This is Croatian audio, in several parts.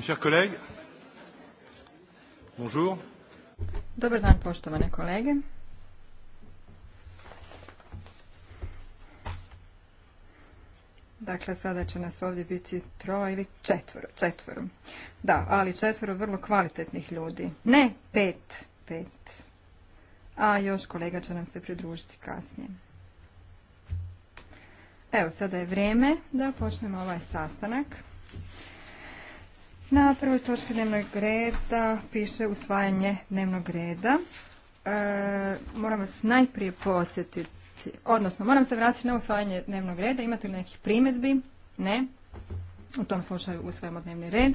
chers collègues, bonjour. Dobar dan poštovane kolege. Dakle, sada će nas ovdje biti troje ili četvoro, četvoro. Da, ali četvoro vrlo kvalitetnih ljudi. Ne, pet, pet. A još kolega će nam se pridružiti kasnije. Evo, sada je vrijeme da počnemo ovaj sastanak. Na prvoj točki dnevnog reda piše usvajanje dnevnog reda. E, moram vas najprije podsjetiti, odnosno moram se vratiti na usvajanje dnevnog reda. Imate li nekih primjedbi? Ne u tom slučaju usvojamo dnevni red.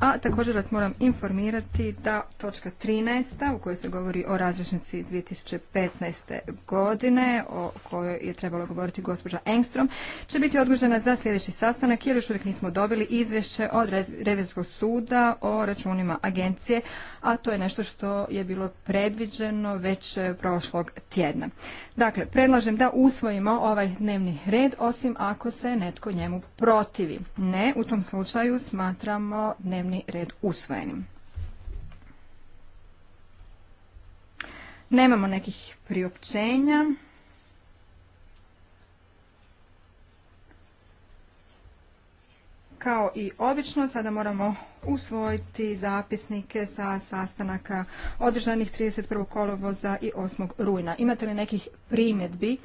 A također vas moram informirati da točka 13. u kojoj se govori o različnici 2015. godine o kojoj je trebalo govoriti gospođa Engstrom će biti odgođena za sljedeći sastanak jer još uvijek nismo dobili izvješće od Revizijskog suda o računima agencije a to je nešto što je bilo predviđeno već prošlog tjedna. Dakle, predlažem da usvojimo ovaj dnevni red osim ako se netko njemu protivi. Ne, u tom slučaju smatramo dnevni red usvojenim. Nemamo nekih priopćenja. Kao i obično, sada moramo usvojiti zapisnike sa sastanaka održanih 31. kolovoza i 8. rujna. Imate li nekih primjedbi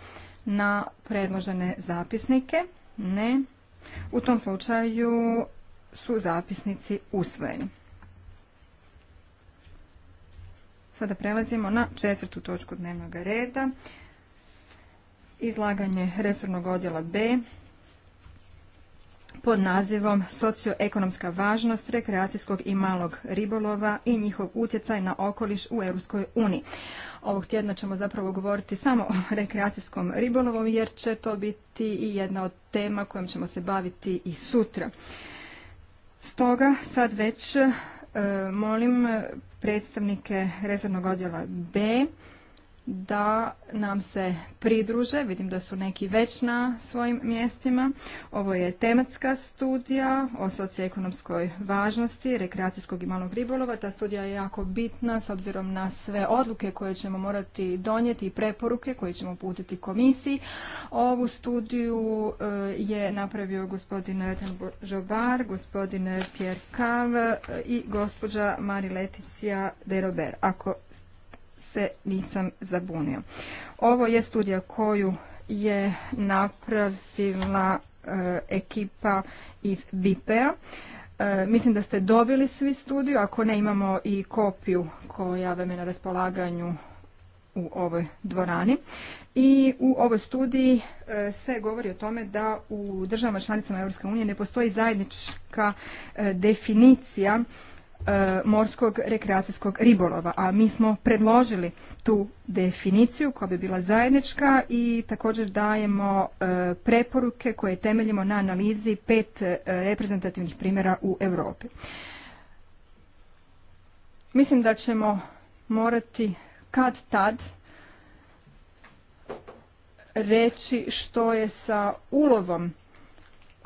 na predložene zapisnike? Ne. U tom slučaju su zapisnici usvojeni. Sada prelazimo na četvrtu točku dnevnog reda. Izlaganje resornog odjela B pod nazivom Socioekonomska važnost rekreacijskog i malog ribolova i njihov utjecaj na okoliš u Europskoj uniji. Ovog tjedna ćemo zapravo govoriti samo o rekreacijskom ribolovu jer će to biti i jedna od tema kojom ćemo se baviti i sutra. Stoga sad već e, molim predstavnike rezervnog odjela B da nam se pridruže. Vidim da su neki već na svojim mjestima. Ovo je tematska studija o socioekonomskoj važnosti rekreacijskog i malog ribolova. Ta studija je jako bitna s obzirom na sve odluke koje ćemo morati donijeti i preporuke koje ćemo putiti komisiji. Ovu studiju eh, je napravio gospodin Etan Žovar, gospodin Pierre Kav eh, i gospođa Mari Leticia Derober. Ako se nisam zabunio. Ovo je studija koju je napravila e, ekipa iz BIP-a. E, mislim da ste dobili svi studiju, ako ne imamo i kopiju koja vam je na raspolaganju u ovoj dvorani. I u ovoj studiji e, se govori o tome da u državama članicama EU ne postoji zajednička definicija E, morskog rekreacijskog ribolova, a mi smo predložili tu definiciju koja bi bila zajednička i također dajemo e, preporuke koje temeljimo na analizi pet e, reprezentativnih primjera u Europi. Mislim da ćemo morati kad tad reći što je sa ulovom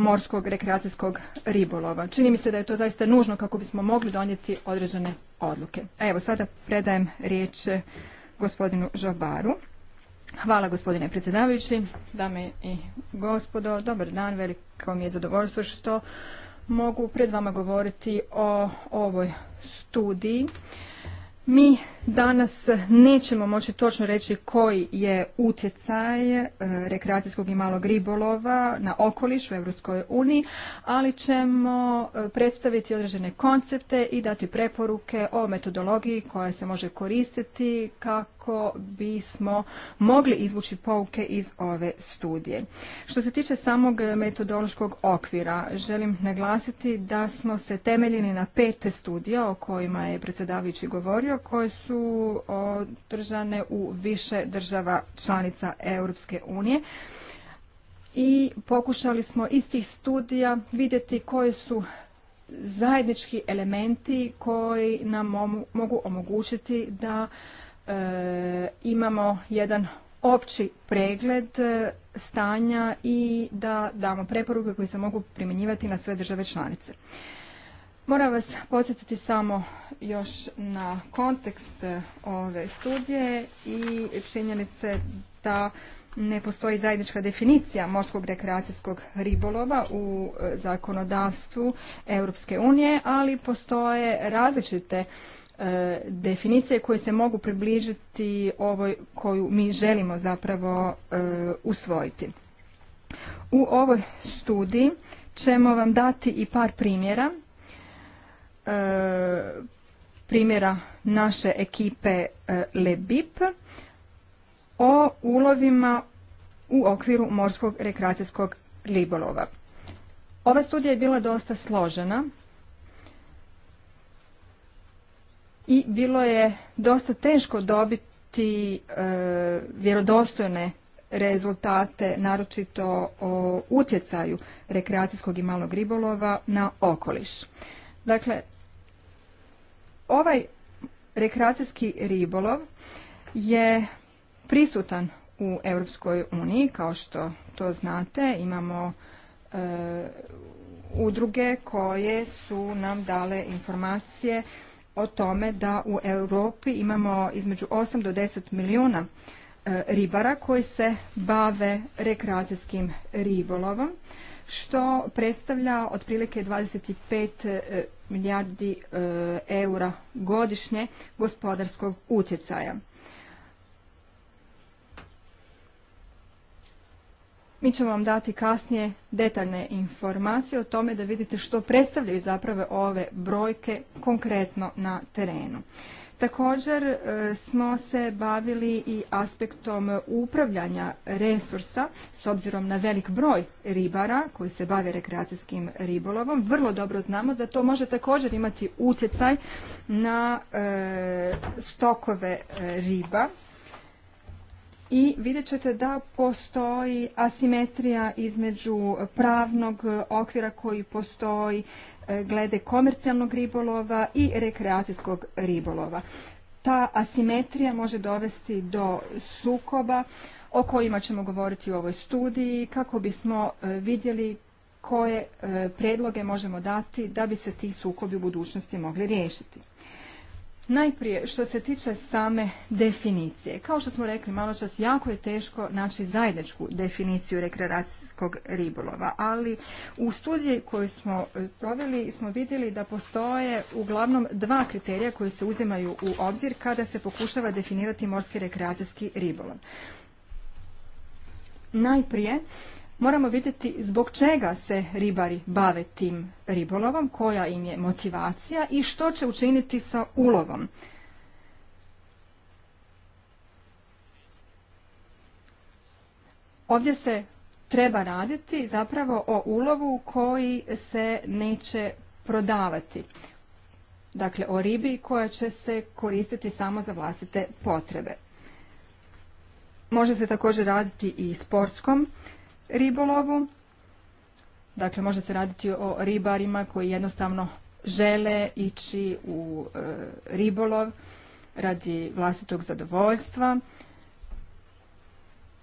morskog rekreacijskog ribolova. Čini mi se da je to zaista nužno kako bismo mogli donijeti određene odluke. A evo sada predajem riječ e, gospodinu Žobaru. Hvala gospodine predsjedavajući, dame i gospodo, dobar dan, veliko mi je zadovoljstvo što mogu pred vama govoriti o ovoj studiji mi danas nećemo moći točno reći koji je utjecaj e, rekreacijskog i malog ribolova na okoliš u EU, uniji, ali ćemo e, predstaviti određene koncepte i dati preporuke o metodologiji koja se može koristiti kako kako bismo mogli izvući pouke iz ove studije. Što se tiče samog metodološkog okvira, želim naglasiti da smo se temeljili na pet studija o kojima je predsjedavajući govorio, koje su održane u više država članica Europske unije i pokušali smo iz tih studija vidjeti koje su zajednički elementi koji nam mogu omogućiti da E, imamo jedan opći pregled e, stanja i da damo preporuke koje se mogu primjenjivati na sve države članice. Moram vas podsjetiti samo još na kontekst e, ove studije i činjenice da ne postoji zajednička definicija morskog rekreacijskog ribolova u zakonodavstvu Europske unije, ali postoje različite E, definicije koje se mogu približiti ovoj koju mi želimo zapravo e, usvojiti. U ovoj studiji ćemo vam dati i par primjera e, primjera naše ekipe LEBIP o ulovima u okviru morskog rekreacijskog ribolova. Ova studija je bila dosta složena i bilo je dosta teško dobiti e, vjerodostojne rezultate, naročito o utjecaju rekreacijskog i malog ribolova na okoliš. Dakle, ovaj rekreacijski ribolov je prisutan u Europskoj uniji, kao što to znate, imamo e, udruge koje su nam dale informacije o tome da u Europi imamo između 8 do 10 milijuna e, ribara koji se bave rekreacijskim ribolovom što predstavlja otprilike 25 e, milijardi e, eura godišnje gospodarskog utjecaja. Mi ćemo vam dati kasnije detaljne informacije o tome da vidite što predstavljaju zapravo ove brojke konkretno na terenu. Također e, smo se bavili i aspektom upravljanja resursa s obzirom na velik broj ribara koji se bave rekreacijskim ribolovom. Vrlo dobro znamo da to može također imati utjecaj na e, stokove e, riba i vidjet ćete da postoji asimetrija između pravnog okvira koji postoji e, glede komercijalnog ribolova i rekreacijskog ribolova. Ta asimetrija može dovesti do sukoba o kojima ćemo govoriti u ovoj studiji kako bismo e, vidjeli koje e, predloge možemo dati da bi se ti sukobi u budućnosti mogli riješiti. Najprije, što se tiče same definicije. Kao što smo rekli malo čas, jako je teško naći zajedničku definiciju rekreacijskog ribolova, ali u studiji koju smo e, proveli smo vidjeli da postoje uglavnom dva kriterija koji se uzimaju u obzir kada se pokušava definirati morski rekreacijski ribolov. Najprije, moramo vidjeti zbog čega se ribari bave tim ribolovom, koja im je motivacija i što će učiniti sa ulovom. Ovdje se treba raditi zapravo o ulovu koji se neće prodavati. Dakle, o ribi koja će se koristiti samo za vlastite potrebe. Može se također raditi i sportskom ribolovu. Dakle, može se raditi o ribarima koji jednostavno žele ići u e, ribolov radi vlastitog zadovoljstva.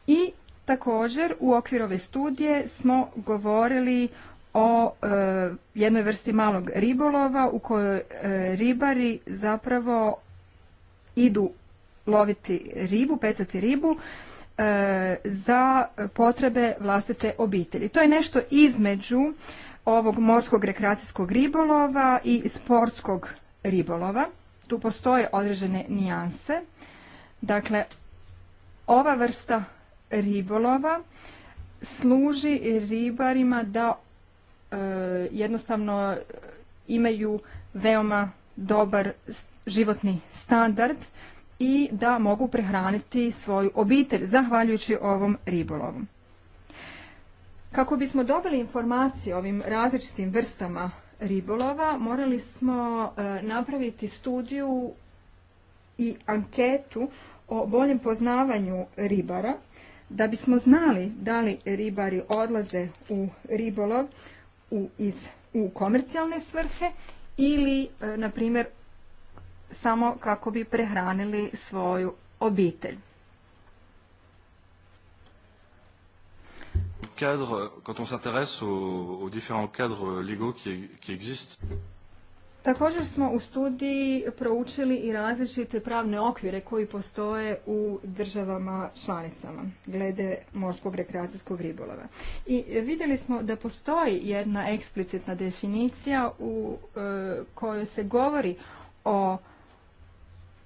I također u okviru ove studije smo govorili o e, jednoj vrsti malog ribolova u kojoj e, ribari zapravo idu loviti ribu, pecati ribu E, za potrebe vlastite obitelji. To je nešto između ovog morskog rekreacijskog ribolova i sportskog ribolova. Tu postoje određene nijanse. Dakle, ova vrsta ribolova služi ribarima da e, jednostavno imaju veoma dobar životni standard i da mogu prehraniti svoju obitelj zahvaljujući ovom ribolovu. Kako bismo dobili informacije o ovim različitim vrstama ribolova, morali smo e, napraviti studiju i anketu o boljem poznavanju ribara, da bismo znali da li ribari odlaze u ribolov u, iz, u komercijalne svrhe ili, e, na primjer, samo kako bi prehranili svoju obitelj. Također smo u studiji proučili i različite pravne okvire koji postoje u državama članicama glede morskog rekreacijskog ribolova. I vidjeli smo da postoji jedna eksplicitna definicija u e, kojoj se govori o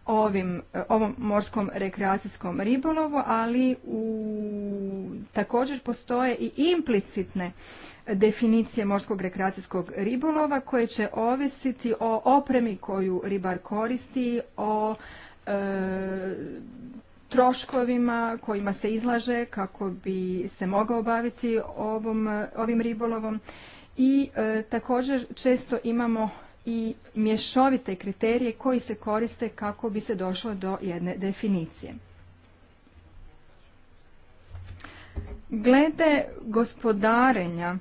ovim, ovom morskom rekreacijskom ribolovu, ali u, također postoje i implicitne definicije morskog rekreacijskog ribolova koje će ovisiti o opremi koju ribar koristi, o e, troškovima kojima se izlaže kako bi se mogao baviti ovim ribolovom i e, također često imamo i mješovite kriterije koji se koriste kako bi se došlo do jedne definicije. Glede gospodarenja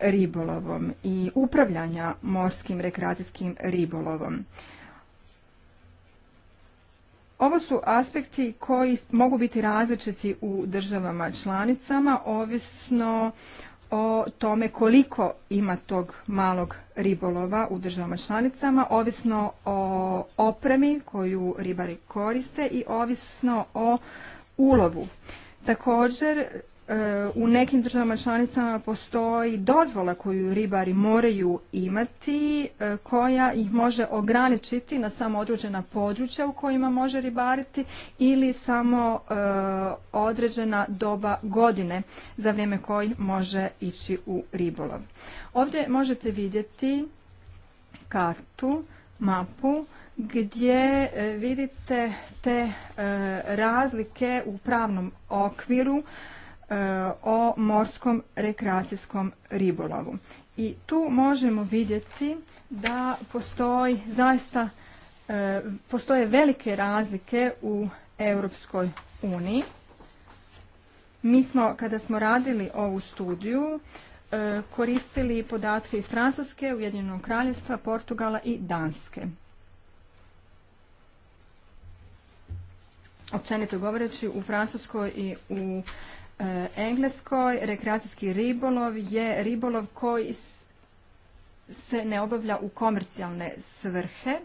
ribolovom i upravljanja morskim rekreacijskim ribolovom. Ovo su aspekti koji mogu biti različiti u državama članicama, ovisno o tome koliko ima tog malog ribolova u državama članicama, ovisno o opremi koju ribari koriste i ovisno o ulovu. Također u nekim državama članicama postoji dozvola koju ribari moraju imati e, koja ih može ograničiti na samo određena područja u kojima može ribariti ili samo e, određena doba godine za vrijeme koji može ići u ribolov. Ovdje možete vidjeti kartu, mapu gdje e, vidite te razlike u pravnom okviru E, o morskom rekreacijskom ribolovu. I tu možemo vidjeti da postoji zaista e, postoje velike razlike u Europskoj uniji. Mi smo, kada smo radili ovu studiju, e, koristili podatke iz Francuske, Ujedinjenog kraljevstva, Portugala i Danske. Općenito govoreći, u Francuskoj i u E, engleskoj rekreacijski ribolov je ribolov koji se ne obavlja u komercijalne svrhe,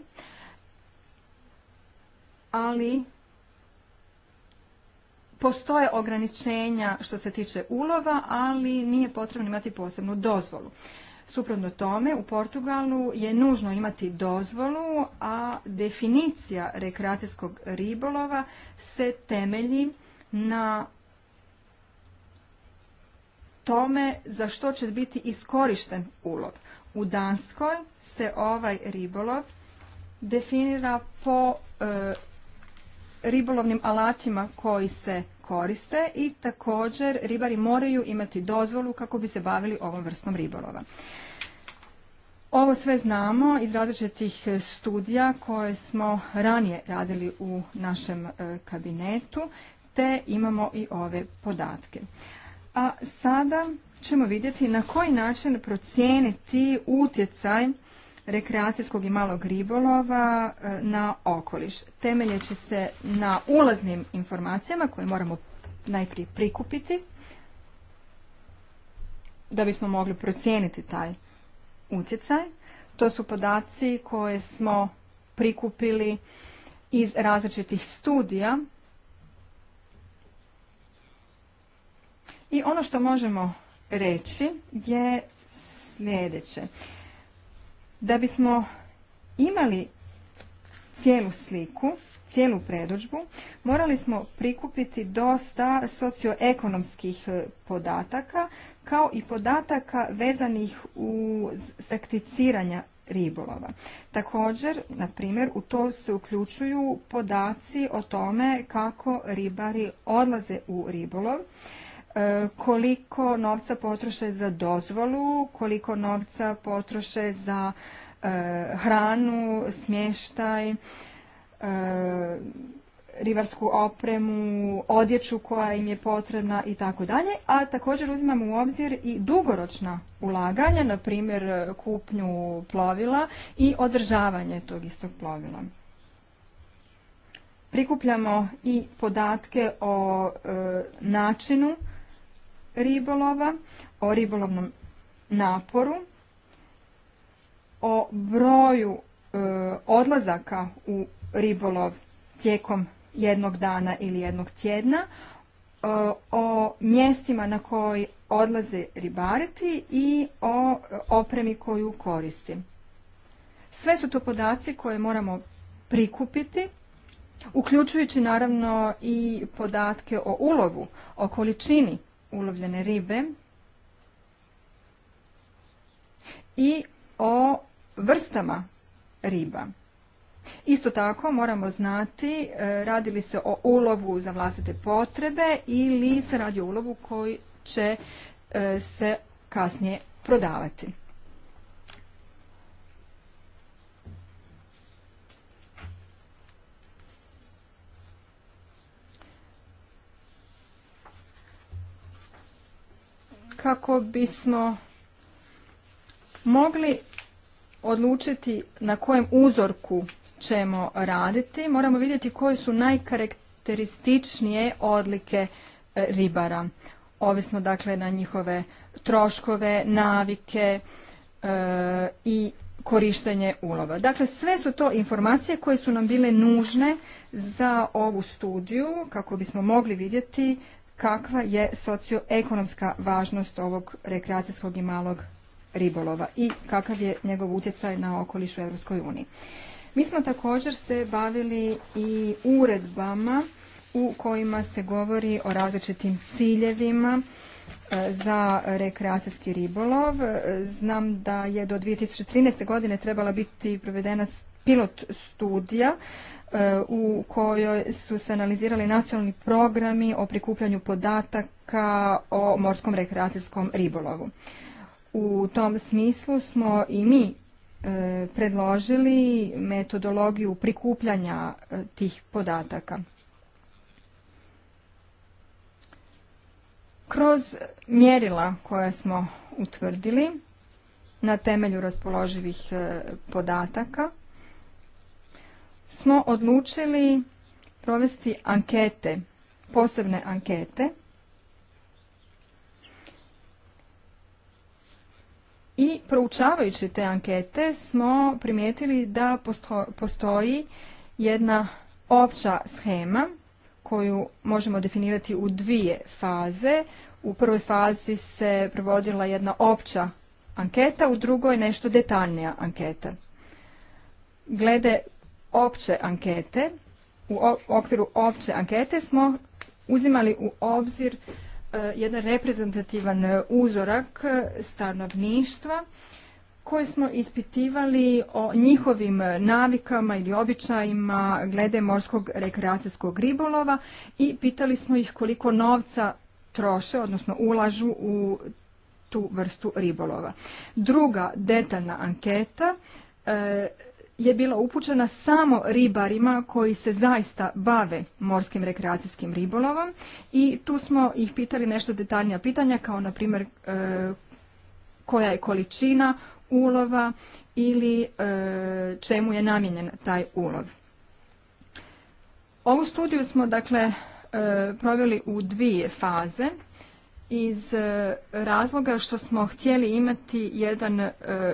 ali postoje ograničenja što se tiče ulova, ali nije potrebno imati posebnu dozvolu. Suprotno tome, u Portugalu je nužno imati dozvolu, a definicija rekreacijskog ribolova se temelji na tome za što će biti iskorišten ulov. U Danskoj se ovaj ribolov definira po e, ribolovnim alatima koji se koriste i također ribari moraju imati dozvolu kako bi se bavili ovom vrstom ribolova. Ovo sve znamo iz različitih e, studija koje smo ranije radili u našem e, kabinetu, te imamo i ove podatke. A sada ćemo vidjeti na koji način procijeniti utjecaj rekreacijskog i malog ribolova e, na okoliš. Temeljeći se na ulaznim informacijama koje moramo najprije prikupiti da bismo mogli procijeniti taj utjecaj. To su podaci koje smo prikupili iz različitih studija I ono što možemo reći je sljedeće. Da bismo imali cijelu sliku, cijelu predođbu, morali smo prikupiti dosta socioekonomskih e, podataka, kao i podataka vezanih u sakticiranja ribolova. Također, na primjer, u to se uključuju podaci o tome kako ribari odlaze u ribolov, E, koliko novca potroše za dozvolu, koliko novca potroše za e, hranu, smještaj, e, rivarsku opremu, odjeću koja im je potrebna i tako dalje, a također uzimamo u obzir i dugoročna ulaganja, na primjer kupnju plovila i održavanje tog istog plovila. Prikupljamo i podatke o načinu ribolova, o ribolovnom naporu, o broju e, odlazaka u ribolov tijekom jednog dana ili jednog tjedna, e, o mjestima na koji odlaze ribariti i o opremi koju koristi. Sve su to podaci koje moramo prikupiti, uključujući naravno i podatke o ulovu, o količini ulovljene ribe i o vrstama riba. Isto tako moramo znati e, radi li se o ulovu za vlastite potrebe ili se radi o ulovu koji će e, se kasnije prodavati. kako bismo mogli odlučiti na kojem uzorku ćemo raditi, moramo vidjeti koje su najkarakterističnije odlike e, ribara. Ovisno dakle na njihove troškove, navike e, i korištenje ulova. Dakle, sve su to informacije koje su nam bile nužne za ovu studiju kako bismo mogli vidjeti kakva je socioekonomska važnost ovog rekreacijskog i malog ribolova i kakav je njegov utjecaj na okoliš u Europskoj uniji. Mi smo također se bavili i uredbama u kojima se govori o različitim ciljevima e, za rekreacijski ribolov. E, znam da je do 2013. godine trebala biti provedena pilot studija E, u kojoj su se analizirali nacionalni programi o prikupljanju podataka o morskom rekreacijskom ribolovu. U tom smislu smo i mi e, predložili metodologiju prikupljanja e, tih podataka. Kroz mjerila koja smo utvrdili na temelju raspoloživih podataka smo odlučili provesti ankete, posebne ankete i proučavajući te ankete smo primijetili da postoji jedna opća schema koju možemo definirati u dvije faze. U prvoj fazi se provodila jedna opća anketa, u drugoj nešto detaljnija anketa. Glede opće ankete, u okviru opće ankete smo uzimali u obzir e, jedan reprezentativan uzorak stanovništva koje smo ispitivali o njihovim navikama ili običajima glede morskog rekreacijskog ribolova i pitali smo ih koliko novca troše, odnosno ulažu u tu vrstu ribolova. Druga detaljna anketa e, je bila upućena samo ribarima koji se zaista bave morskim rekreacijskim ribolovom i tu smo ih pitali nešto detaljnija pitanja kao na primjer e, koja je količina ulova ili e, čemu je namijenjen taj ulov. Ovu studiju smo dakle e, proveli u dvije faze iz razloga što smo htjeli imati jedan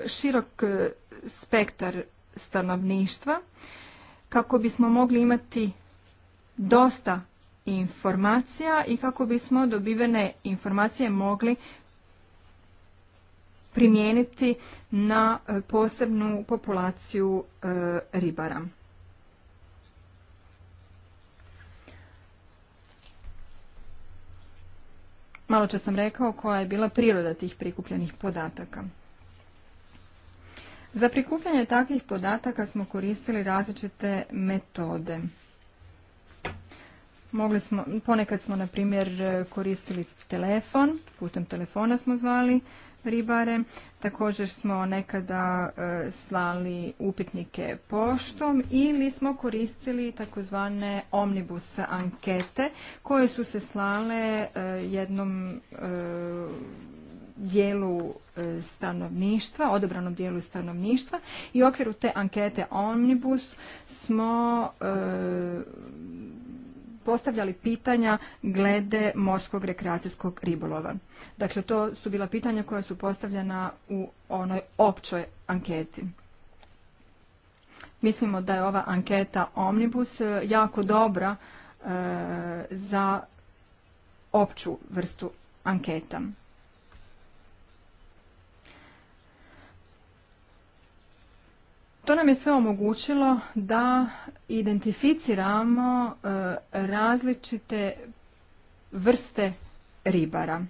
širok spektar stanovništva kako bismo mogli imati dosta informacija i kako bismo dobivene informacije mogli primijeniti na e, posebnu populaciju e, ribara. Malo čas sam rekao koja je bila priroda tih prikupljenih podataka. Za prikupljanje takvih podataka smo koristili različite metode. Mogli smo, ponekad smo, na primjer, koristili telefon, putem telefona smo zvali ribare. Također smo nekada e, slali upitnike poštom ili smo koristili takozvane omnibus ankete koje su se slale e, jednom e, dijelu E, stanovništva, odobranom dijelu stanovništva i u okviru te ankete Omnibus smo e, postavljali pitanja glede morskog rekreacijskog ribolova. Dakle, to su bila pitanja koja su postavljena u onoj općoj anketi. Mislimo da je ova anketa Omnibus e, jako dobra za opću vrstu anketa. To nam je sve omogućilo da identificiramo e, različite vrste ribara.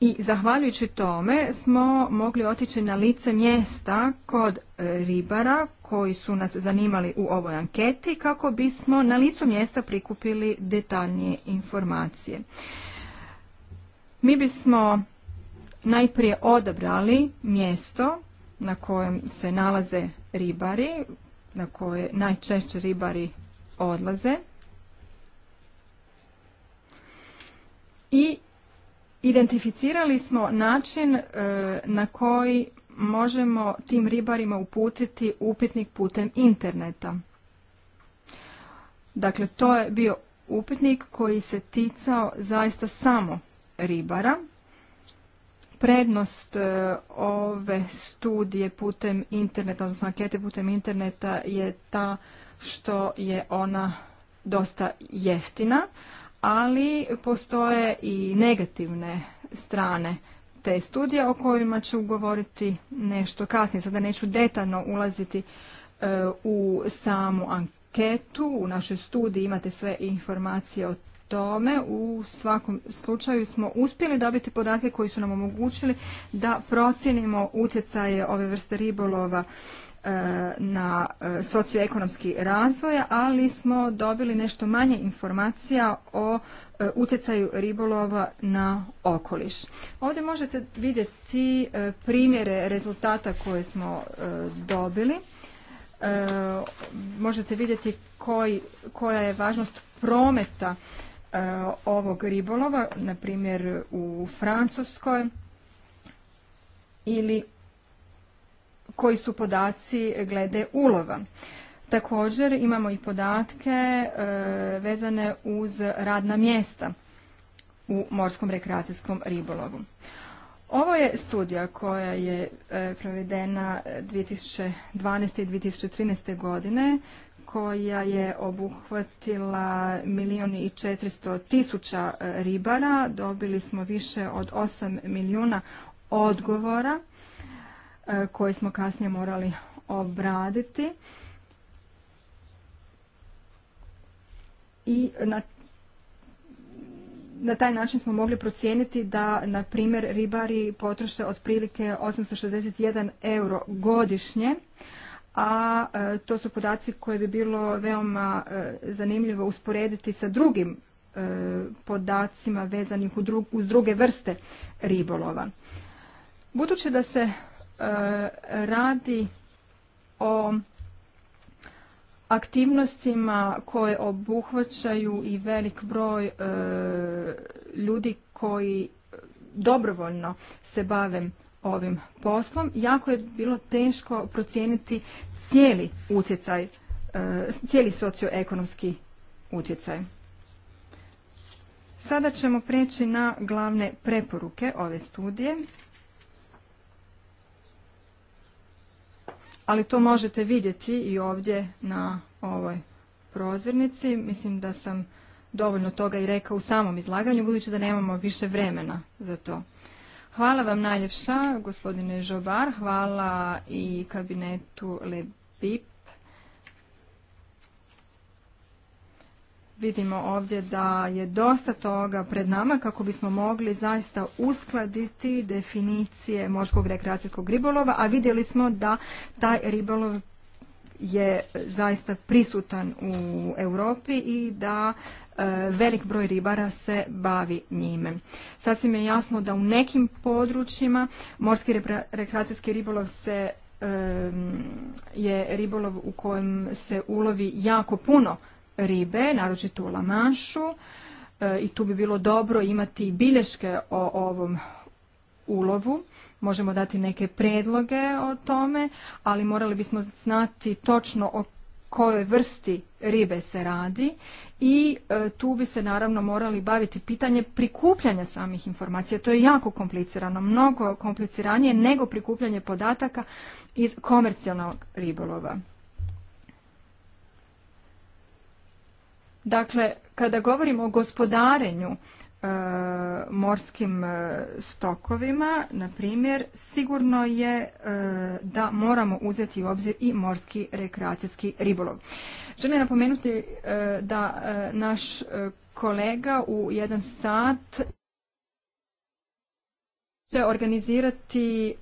I zahvaljujući tome smo mogli otići na lice mjesta kod ribara koji su nas zanimali u ovoj anketi kako bismo na licu mjesta prikupili detaljnije informacije. Mi bismo najprije odabrali mjesto na kojem se nalaze ribari, na koje najčešće ribari odlaze. I identificirali smo način e, na koji možemo tim ribarima uputiti upitnik putem interneta. Dakle, to je bio upitnik koji se ticao zaista samo ribara Prednost e, ove studije putem interneta, odnosno ankete putem interneta je ta što je ona dosta jeftina, ali postoje i negativne strane te studije o kojima ću govoriti nešto kasnije. Sada neću detaljno ulaziti e, u samu anketu. U našoj studiji imate sve informacije o tome u svakom slučaju smo uspjeli dobiti podatke koji su nam omogućili da procijenimo utjecaje ove vrste ribolova e, na e, socioekonomski razvoj, ali smo dobili nešto manje informacija o e, utjecaju ribolova na okoliš. Ovdje možete vidjeti primjere rezultata koje smo dobili. Možete vidjeti koja je važnost prometa E, ovog ribolova, na primjer u Francuskoj, ili koji su podaci glede ulova. Također imamo i podatke e, vezane uz radna mjesta u morskom rekreacijskom ribolovu. Ovo je studija koja je e, provedena 2012. i 2013. godine koja je obuhvatila milijun i četiristo tisuća e, ribara. Dobili smo više od osam milijuna odgovora e, koje smo kasnije morali obraditi. I na na taj način smo mogli procijeniti da, na primjer, ribari potroše otprilike 861 euro godišnje a e, to su podaci koje bi bilo veoma e, zanimljivo usporediti sa drugim e, podacima vezanih uz druge vrste ribolova. Budući da se radi o aktivnostima koje obuhvaćaju i velik broj ljudi koji dobrovoljno se bavim ovim poslom. Jako je bilo teško procijeniti cijeli utjecaj, e, cijeli socioekonomski utjecaj. Sada ćemo preći na glavne preporuke ove studije. Ali to možete vidjeti i ovdje na ovoj prozirnici. Mislim da sam dovoljno toga i rekao u samom izlaganju, budući da nemamo više vremena za to. Hvala vam najljepša, gospodine Žobar, hvala i kabinetu Lebip. Vidimo ovdje da je dosta toga pred nama kako bismo mogli zaista uskladiti definicije morskog rekreacijskog ribolova, a vidjeli smo da taj ribolov je zaista prisutan u Europi i da E, velik broj ribara se bavi njime. Sasvim je jasno da u nekim područjima morski rekreacijski ribolov se e, je ribolov u kojem se ulovi jako puno ribe, naročito u Lamanšu e, i tu bi bilo dobro imati bilješke o ovom ulovu. Možemo dati neke predloge o tome, ali morali bismo znati točno o kojoj vrsti ribe se radi i e, tu bi se naravno morali baviti pitanje prikupljanja samih informacija. To je jako komplicirano, mnogo kompliciranije nego prikupljanje podataka iz komercijalnog ribolova. Dakle, kada govorimo o gospodarenju e, morskim e, stokovima, na primjer, sigurno je da moramo uzeti u obzir i morski rekreacijski ribolov. Želim napomenuti e, da e, naš e, kolega u jedan sat će organizirati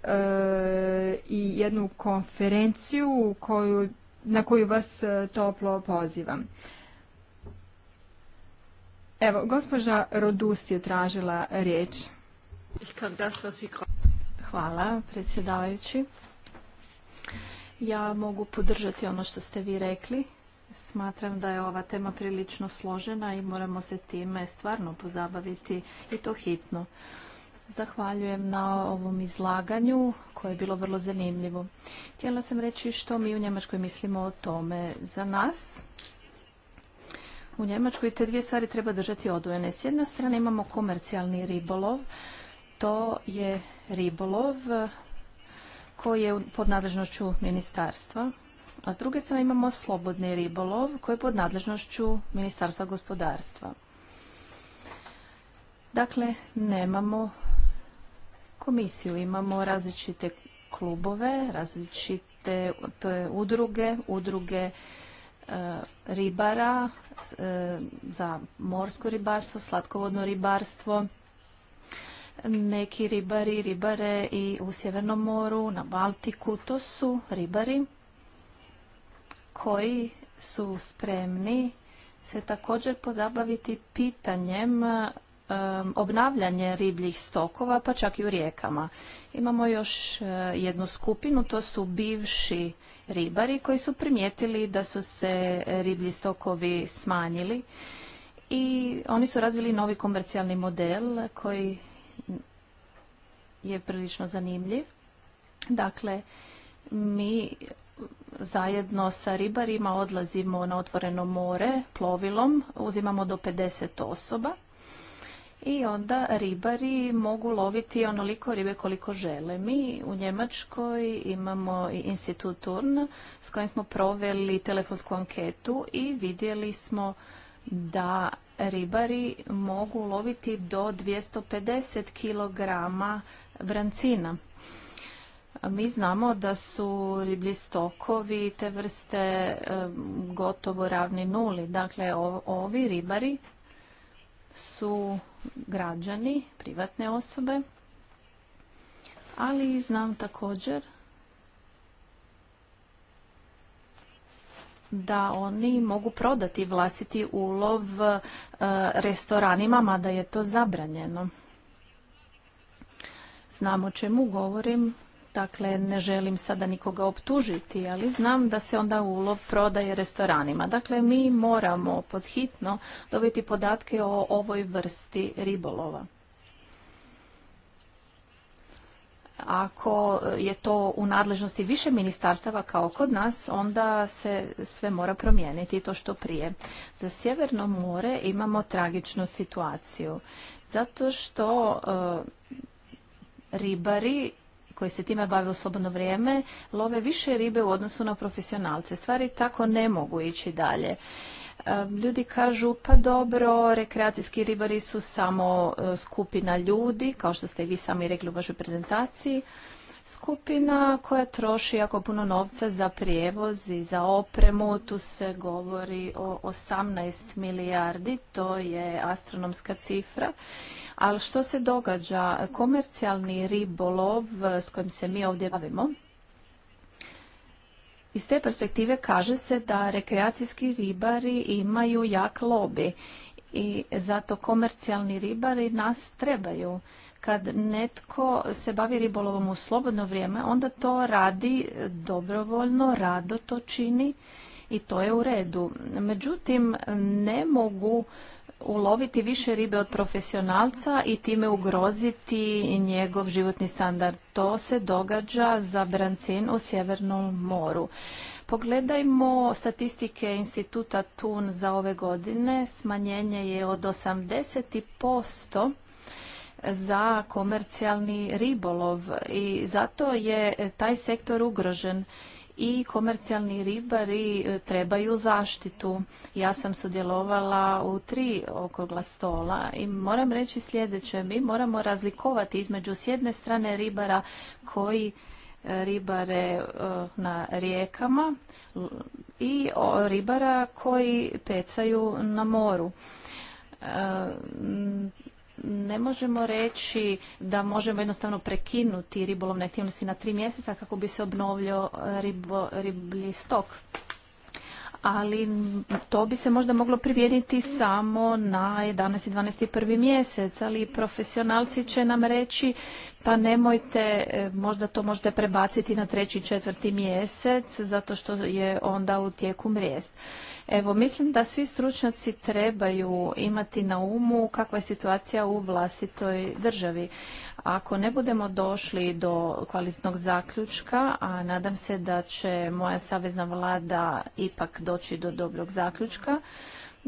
i jednu konferenciju na koju vas toplo pozivam. Evo, gospođa Rodus je tražila riječ. Hvala, predsjedavajući. Ja mogu podržati ono što ste vi rekli. Smatram da je ova tema prilično složena i moramo se time stvarno pozabaviti i to hitno. Zahvaljujem na ovom izlaganju koje je bilo vrlo zanimljivo. Htjela sam reći što mi u Njemačkoj mislimo o tome. Za nas u Njemačkoj te dvije stvari treba držati odvojene. S jedne strane imamo komercijalni ribolov. To je ribolov koji je pod nadležnošću ministarstva a s druge strane imamo slobodni ribolov koji je pod nadležnošću Ministarstva gospodarstva. Dakle, nemamo komisiju, imamo različite klubove, različite to je udruge, udruge e, ribara e, za morsko ribarstvo, slatkovodno ribarstvo. Neki ribari ribare i u Sjevernom moru, na Baltiku, to su ribari koji su spremni se također pozabaviti pitanjem obnavljanje ribljih stokova, pa čak i u rijekama. Imamo još e, jednu skupinu, to su bivši ribari koji su primijetili da su se riblji stokovi smanjili i oni su razvili novi komercijalni model koji je prilično zanimljiv. Dakle, mi zajedno sa ribarima odlazimo na otvoreno more plovilom, uzimamo do 50 osoba i onda ribari mogu loviti onoliko ribe koliko žele. Mi u Njemačkoj imamo i institut Turn s kojim smo proveli telefonsku anketu i vidjeli smo da ribari mogu loviti do 250 kg brancina. Mi znamo da su riblji stokovi te vrste gotovo ravni nuli. Dakle, ovi ribari su građani, privatne osobe, ali znam također da oni mogu prodati vlastiti ulov e, restoranima, mada je to zabranjeno. Znam o čemu govorim Dakle, ne želim sada nikoga optužiti, ali znam da se onda ulov prodaje restoranima. Dakle, mi moramo podhitno dobiti podatke o ovoj vrsti ribolova. Ako je to u nadležnosti više ministarstava kao kod nas, onda se sve mora promijeniti to što prije. Za Sjeverno more imamo tragičnu situaciju. Zato što e, ribari koji se time bave u slobodno vrijeme love više ribe u odnosu na profesionalce. Stvari tako ne mogu ići dalje. E, ljudi kažu pa dobro, rekreacijski ribari su samo e, skupina ljudi, kao što ste i vi sami rekli u vašoj prezentaciji skupina koja troši jako puno novca za prijevoz i za opremu. Tu se govori o 18 milijardi, to je astronomska cifra. Ali što se događa? Komercijalni ribolov s kojim se mi ovdje bavimo, iz te perspektive kaže se da rekreacijski ribari imaju jak lobi i zato komercijalni ribari nas trebaju kad netko se bavi ribolovom u slobodno vrijeme, onda to radi dobrovoljno, rado to čini i to je u redu. Međutim, ne mogu uloviti više ribe od profesionalca i time ugroziti njegov životni standard. To se događa za brancin u Sjevernom moru. Pogledajmo statistike instituta TUN za ove godine. Smanjenje je od 80% za komercijalni ribolov i zato je taj sektor ugrožen i komercijalni ribari e, trebaju zaštitu. Ja sam sudjelovala u tri okogla stola i moram reći sljedeće. Mi moramo razlikovati između s jedne strane ribara koji e, ribare e, na rijekama i ribara koji pecaju na moru ne možemo reći da možemo jednostavno prekinuti ribolovne aktivnosti na tri mjeseca kako bi se obnovljio e, ribo, riblji stok. Ali to bi se možda moglo primijeniti samo na 11. i 12. prvi mjesec, ali profesionalci će nam reći pa nemojte, e, možda to možete prebaciti na treći i četvrti mjesec zato što je onda u tijeku mrijest. Evo, mislim da svi stručnjaci trebaju imati na umu kakva je situacija u vlastitoj državi. Ako ne budemo došli do kvalitnog zaključka, a nadam se da će moja savezna vlada ipak doći do dobrog zaključka,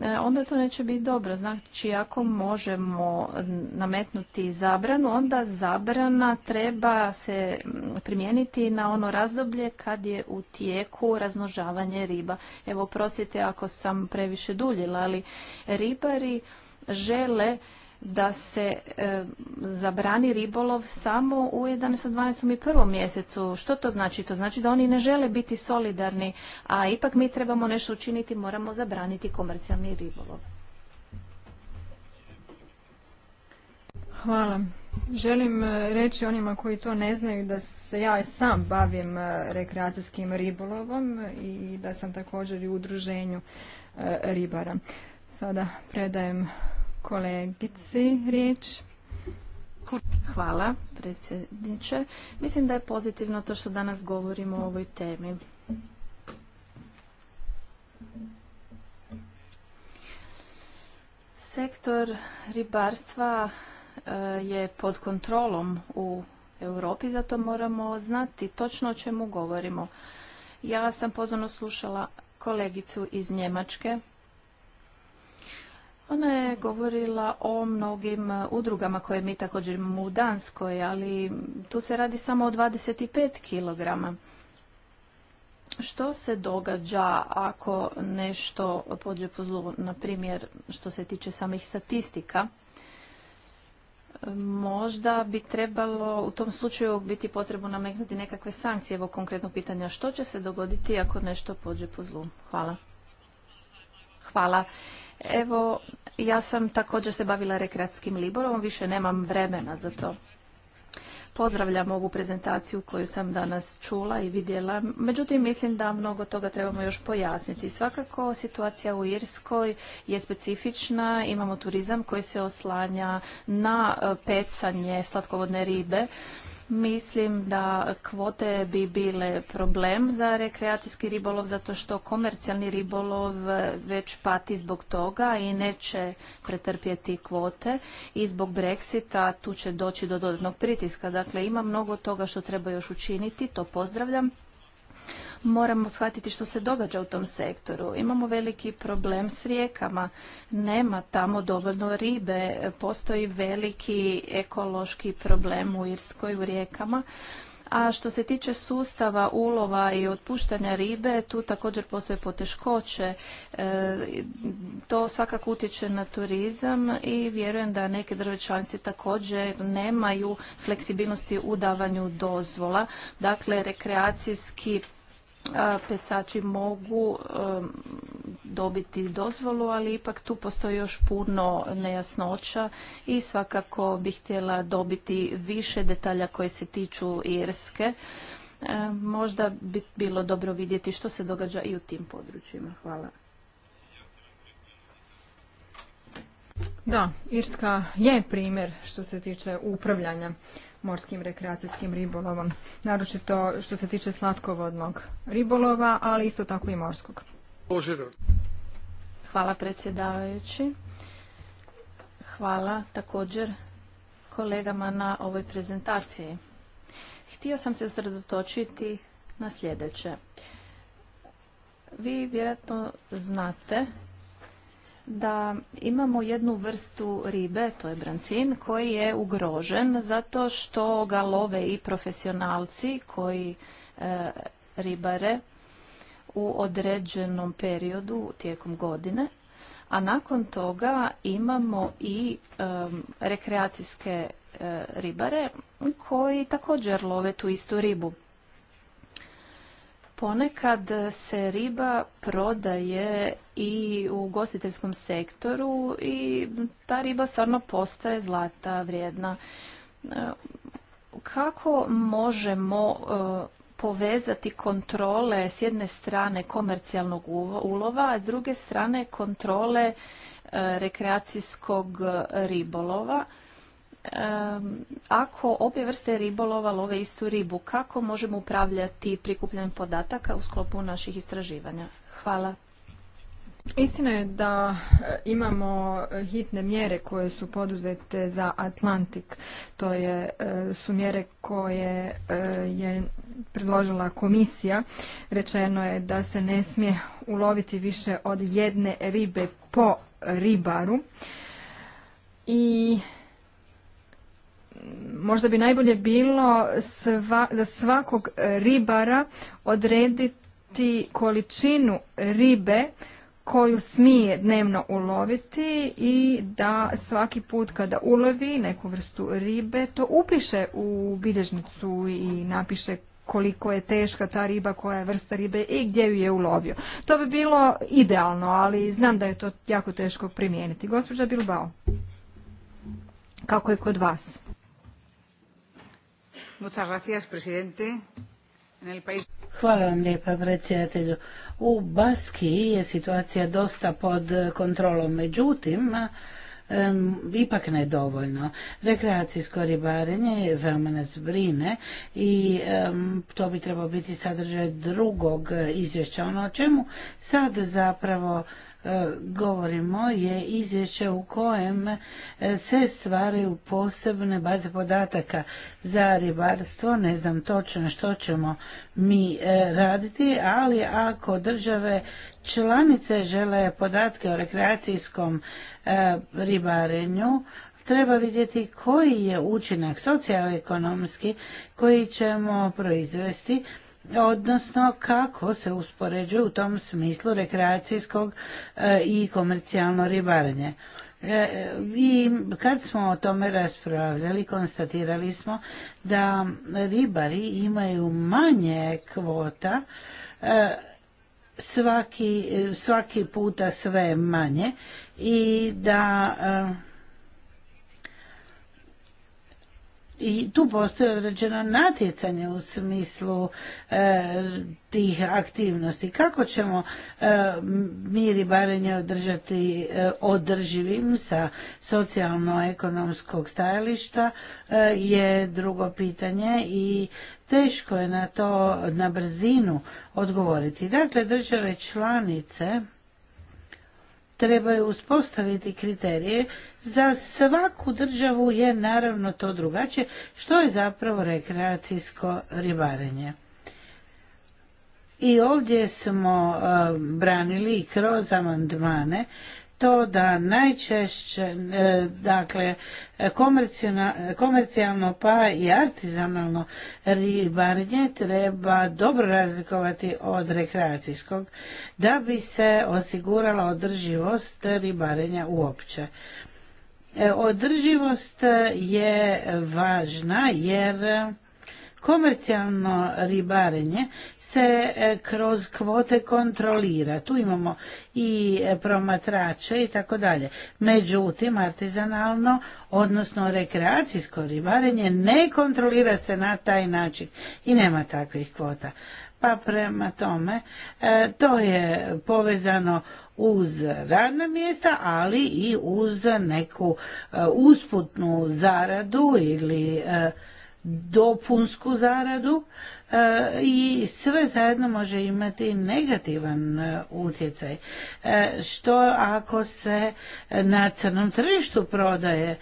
E, onda to neće biti dobro. Znači, ako možemo nametnuti zabranu, onda zabrana treba se primijeniti na ono razdoblje kad je u tijeku razmnožavanje riba. Evo, prosite ako sam previše duljila, ali ribari žele da se e, zabrani ribolov samo u 11. 12. i 1. mjesecu. Što to znači? To znači da oni ne žele biti solidarni, a ipak mi trebamo nešto učiniti, moramo zabraniti komercijalni ribolov. Hvala. Želim e, reći onima koji to ne znaju da se ja sam bavim e, rekreacijskim ribolovom i da sam također u udruženju e, ribara. Sada predajem kolegici riječ. Hvala, predsjedniče. Mislim da je pozitivno to što danas govorimo o ovoj temi. Sektor ribarstva e, je pod kontrolom u Europi, zato moramo znati točno o čemu govorimo. Ja sam pozorno slušala kolegicu iz Njemačke ona je govorila o mnogim e, udrugama koje mi također imamo u Danskoj, ali tu se radi samo o 25 kilograma. Što se događa ako nešto pođe po zlu, na primjer što se tiče samih statistika? Možda bi trebalo u tom slučaju biti potrebno nameknuti nekakve sankcije. Evo konkretno pitanja što će se dogoditi ako nešto pođe po zlu? Hvala. Hvala. Evo, ja sam također se bavila rekreatskim liborom, više nemam vremena za to. Pozdravljam ovu prezentaciju koju sam danas čula i vidjela. Međutim, mislim da mnogo toga trebamo još pojasniti. Svakako, situacija u Irskoj je specifična. Imamo turizam koji se oslanja na e, pecanje slatkovodne ribe Mislim da kvote bi bile problem za rekreacijski ribolov zato što komercijalni ribolov već pati zbog toga i neće pretrpjeti kvote i zbog Brexita tu će doći do dodatnog pritiska. Dakle, ima mnogo toga što treba još učiniti, to pozdravljam moramo shvatiti što se događa u tom sektoru. Imamo veliki problem s rijekama. Nema tamo dovoljno ribe. Postoji veliki ekološki problem u Irskoj u rijekama. A što se tiče sustava ulova i otpuštanja ribe, tu također postoje poteškoće. E, to svakako utječe na turizam i vjerujem da neke države članice također nemaju fleksibilnosti u davanju dozvola. Dakle, rekreacijski pecači mogu dobiti dozvolu, ali ipak tu postoji još puno nejasnoća i svakako bih htjela dobiti više detalja koje se tiču Irske. Možda bi bilo dobro vidjeti što se događa i u tim područjima. Hvala. Da, Irska je primjer što se tiče upravljanja morskim rekreacijskim ribolovom, naročito što se tiče slatkovodnog ribolova, ali isto tako i morskog. Hvala predsjedavajući. Hvala također kolegama na ovoj prezentaciji. Htio sam se usredotočiti na sljedeće. Vi vjerojatno znate da imamo jednu vrstu ribe, to je brancin, koji je ugrožen zato što ga love i profesionalci koji e, ribare u određenom periodu tijekom godine, a nakon toga imamo i e, rekreacijske e, ribare koji također love tu istu ribu. Ponekad se riba prodaje i u gostiteljskom sektoru i ta riba stvarno postaje zlata vrijedna. E, kako možemo e, povezati kontrole s jedne strane komercijalnog ulova, a s druge strane kontrole e, rekreacijskog ribolova? ako obje vrste ribolova love istu ribu, kako možemo upravljati prikupljanjem podataka u sklopu naših istraživanja? Hvala. Istina je da e, imamo e, hitne mjere koje su poduzete za Atlantik. To je, e, su mjere koje je predložila komisija. Rečeno je da se ne smije uloviti više od jedne ribe po ribaru. I možda bi najbolje bilo sva, za svakog ribara odrediti količinu ribe koju smije dnevno uloviti i da svaki put kada ulovi neku vrstu ribe to upiše u bilježnicu i napiše koliko je teška ta riba, koja je vrsta ribe i gdje ju je ulovio. To bi bilo idealno, ali znam da je to jako teško primijeniti. Gospođa Bilbao, kako je kod vas? Hvala vam lijepa predsjedatelju. U Baski je situacija dosta pod kontrolom, međutim, ipak ne dovoljno. Rekreacijsko ribarenje veoma nas brine i to bi trebao biti sadržaj drugog izvješća. Ono o čemu sad zapravo E, govorimo je izvješće u kojem e, se stvaraju posebne baze podataka za ribarstvo. Ne znam točno što ćemo mi e, raditi, ali ako države članice žele podatke o rekreacijskom ribarenju, treba vidjeti koji je učinak socioekonomski koji ćemo proizvesti odnosno kako se uspoređuje u tom smislu rekreacijskog e, i komercijalno ribaranje. E, I kad smo o tome raspravljali, konstatirali smo da ribari imaju manje kvota, e, svaki, svaki puta sve manje i da i tu postoji određeno natjecanje u smislu e, tih aktivnosti. Kako ćemo e, mi ribarenje održati e, održivim sa socijalno-ekonomskog stajališta e, je drugo pitanje i teško je na to na brzinu odgovoriti. Dakle, države članice trebaju uspostaviti kriterije. Za svaku državu je naravno to drugačije, što je zapravo rekreacijsko ribarenje. I ovdje smo eh, branili kroz amandmane to da najčešće e, dakle komercijalno pa i artizanalno ribarenje treba dobro razlikovati od rekreacijskog da bi se osigurala održivost ribarenja uopće. E, održivost je važna jer komercijalno ribarenje se e, kroz kvote kontrolira. Tu imamo i e, promatrače i tako dalje. Međutim, artizanalno, odnosno rekreacijsko ribarenje ne kontrolira se na taj način i nema takvih kvota. Pa prema tome, e, to je povezano uz radna mjesta, ali i uz neku usputnu zaradu ili dopunsku zaradu E, i sve zajedno može imati negativan e, utjecaj. E, što ako se na crnom tržištu prodaje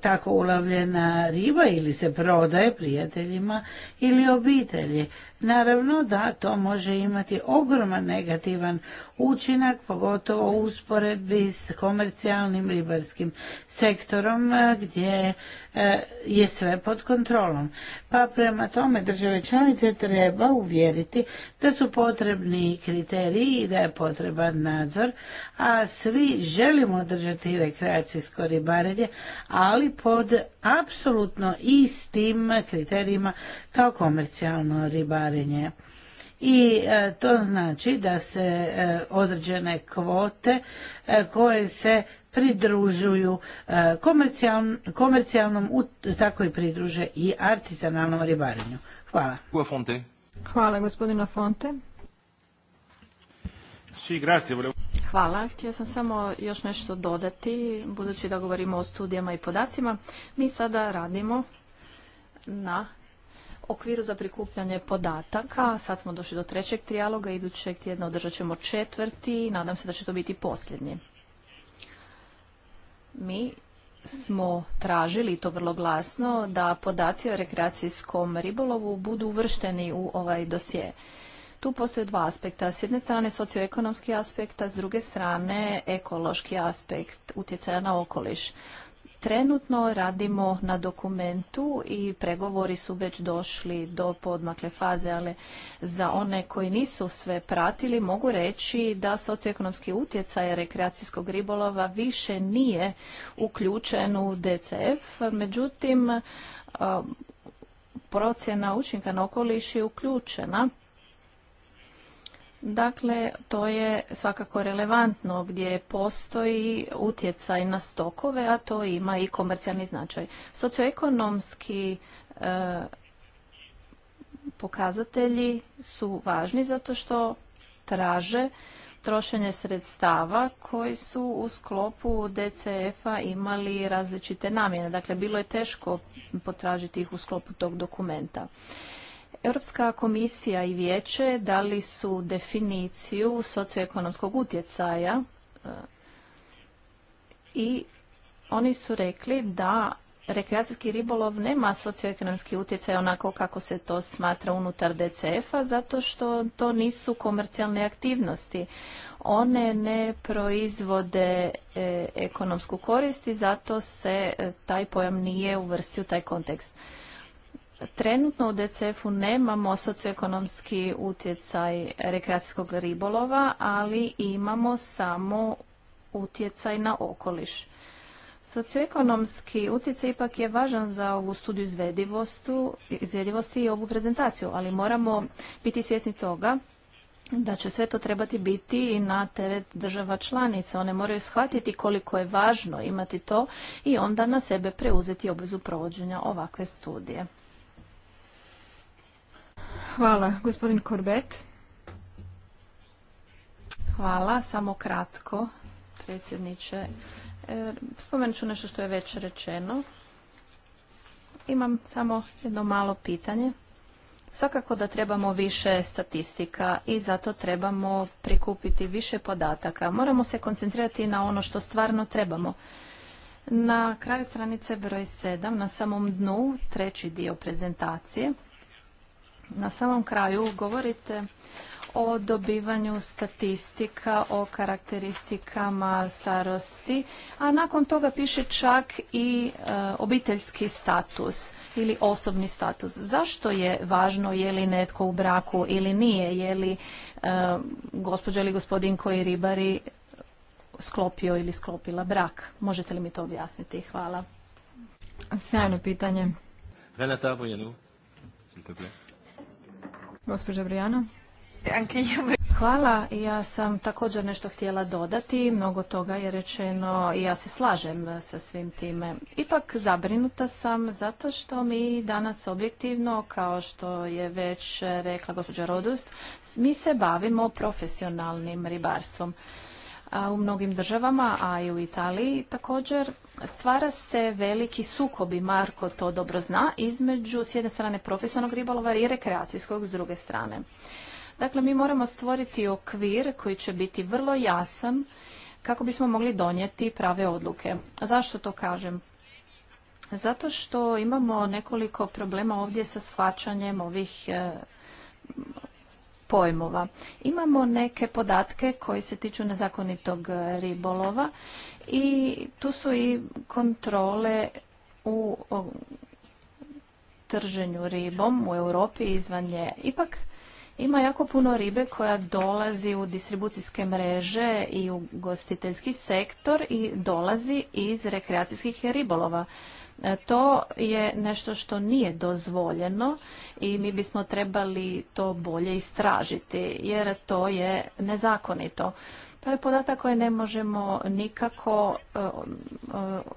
tako ulavljena riba ili se prodaje prijateljima ili obitelji? Naravno da to može imati ogroman negativan učinak, pogotovo u usporedbi s komercijalnim ribarskim sektorom e, gdje e, je sve pod kontrolom. Pa prema tome države članice treba uvjeriti da su potrebni kriteriji i da je potreban nadzor, a svi želimo držati rekreacijsko ribarenje, ali pod apsolutno istim kriterijima kao komercijalno ribarenje ribarenje. I e, to znači da se e, određene kvote e, koje se pridružuju komercijalnom, tako i pridruže i artizanalnom ribarenju. Hvala. Hvala gospodina Fonte. Hvala. Htio sam samo još nešto dodati, budući da govorimo o studijama i podacima. Mi sada radimo na okviru za prikupljanje podataka. Sad smo došli do trećeg trijaloga, idućeg tjedna održat ćemo četvrti i nadam se da će to biti posljednji. Mi smo tražili, to vrlo glasno, da podaci o rekreacijskom ribolovu budu uvršteni u ovaj dosje. Tu postoje dva aspekta. S jedne strane socioekonomski aspekt, a s druge strane ekološki aspekt utjecaja na okoliš. Trenutno radimo na dokumentu i pregovori su već došli do podmakle faze, ali za one koji nisu sve pratili mogu reći da socioekonomski utjecaj rekreacijskog ribolova više nije uključen u DCF, međutim procjena učinka na okoliš je uključena Dakle, to je svakako relevantno gdje postoji utjecaj na stokove, a to ima i komercijalni značaj. Socioekonomski e, pokazatelji su važni zato što traže trošenje sredstava koji su u sklopu DCF-a imali različite namjene. Dakle, bilo je teško potražiti ih u sklopu tog dokumenta. Europska komisija i vijeće dali su definiciju socioekonomskog utjecaja e, i oni su rekli da rekreacijski ribolov nema socioekonomski utjecaj onako kako se to smatra unutar DCF-a zato što to nisu komercijalne aktivnosti. One ne proizvode e, ekonomsku korist i zato se e, taj pojam nije uvrstio u taj kontekst. Trenutno u DCF-u nemamo socioekonomski utjecaj rekreacijskog ribolova, ali imamo samo utjecaj na okoliš. Socioekonomski utjecaj ipak je važan za ovu studiju izvedivosti i ovu prezentaciju, ali moramo biti svjesni toga da će sve to trebati biti i na teret država članica. One moraju shvatiti koliko je važno imati to i onda na sebe preuzeti obvezu provođenja ovakve studije. Hvala. Gospodin Korbet. Hvala. Samo kratko, predsjedniče. E, spomenut ću nešto što je već rečeno. Imam samo jedno malo pitanje. Svakako da trebamo više statistika i zato trebamo prikupiti više podataka. Moramo se koncentrirati na ono što stvarno trebamo. Na kraju stranice broj 7, na samom dnu, treći dio prezentacije, na samom kraju govorite o dobivanju statistika o karakteristikama starosti, a nakon toga piše čak i e, obiteljski status ili osobni status. Zašto je važno je li netko u braku ili nije, je li e, gospođa ili gospodin koji ribari sklopio ili sklopila brak? Možete li mi to objasniti? Hvala. Sjajno pitanje. Renata Gospođa brijana Hvala. Ja sam također nešto htjela dodati. Mnogo toga je rečeno i ja se slažem sa svim time. Ipak zabrinuta sam zato što mi danas objektivno, kao što je već rekla gospođa Rodust, mi se bavimo profesionalnim ribarstvom u mnogim državama, a i u Italiji također, stvara se veliki sukob i Marko to dobro zna između s jedne strane profesionalnog ribolova i rekreacijskog s druge strane. Dakle, mi moramo stvoriti okvir koji će biti vrlo jasan kako bismo mogli donijeti prave odluke. zašto to kažem? Zato što imamo nekoliko problema ovdje sa shvaćanjem ovih eh, pojmova. Imamo neke podatke koji se tiču nezakonitog ribolova i tu su i kontrole u trženju ribom u Europi i izvan nje. Ipak ima jako puno ribe koja dolazi u distribucijske mreže i u gostiteljski sektor i dolazi iz rekreacijskih ribolova. E, to je nešto što nije dozvoljeno i mi bismo trebali to bolje istražiti jer to je nezakonito. To je podatak koje ne možemo nikako e, e,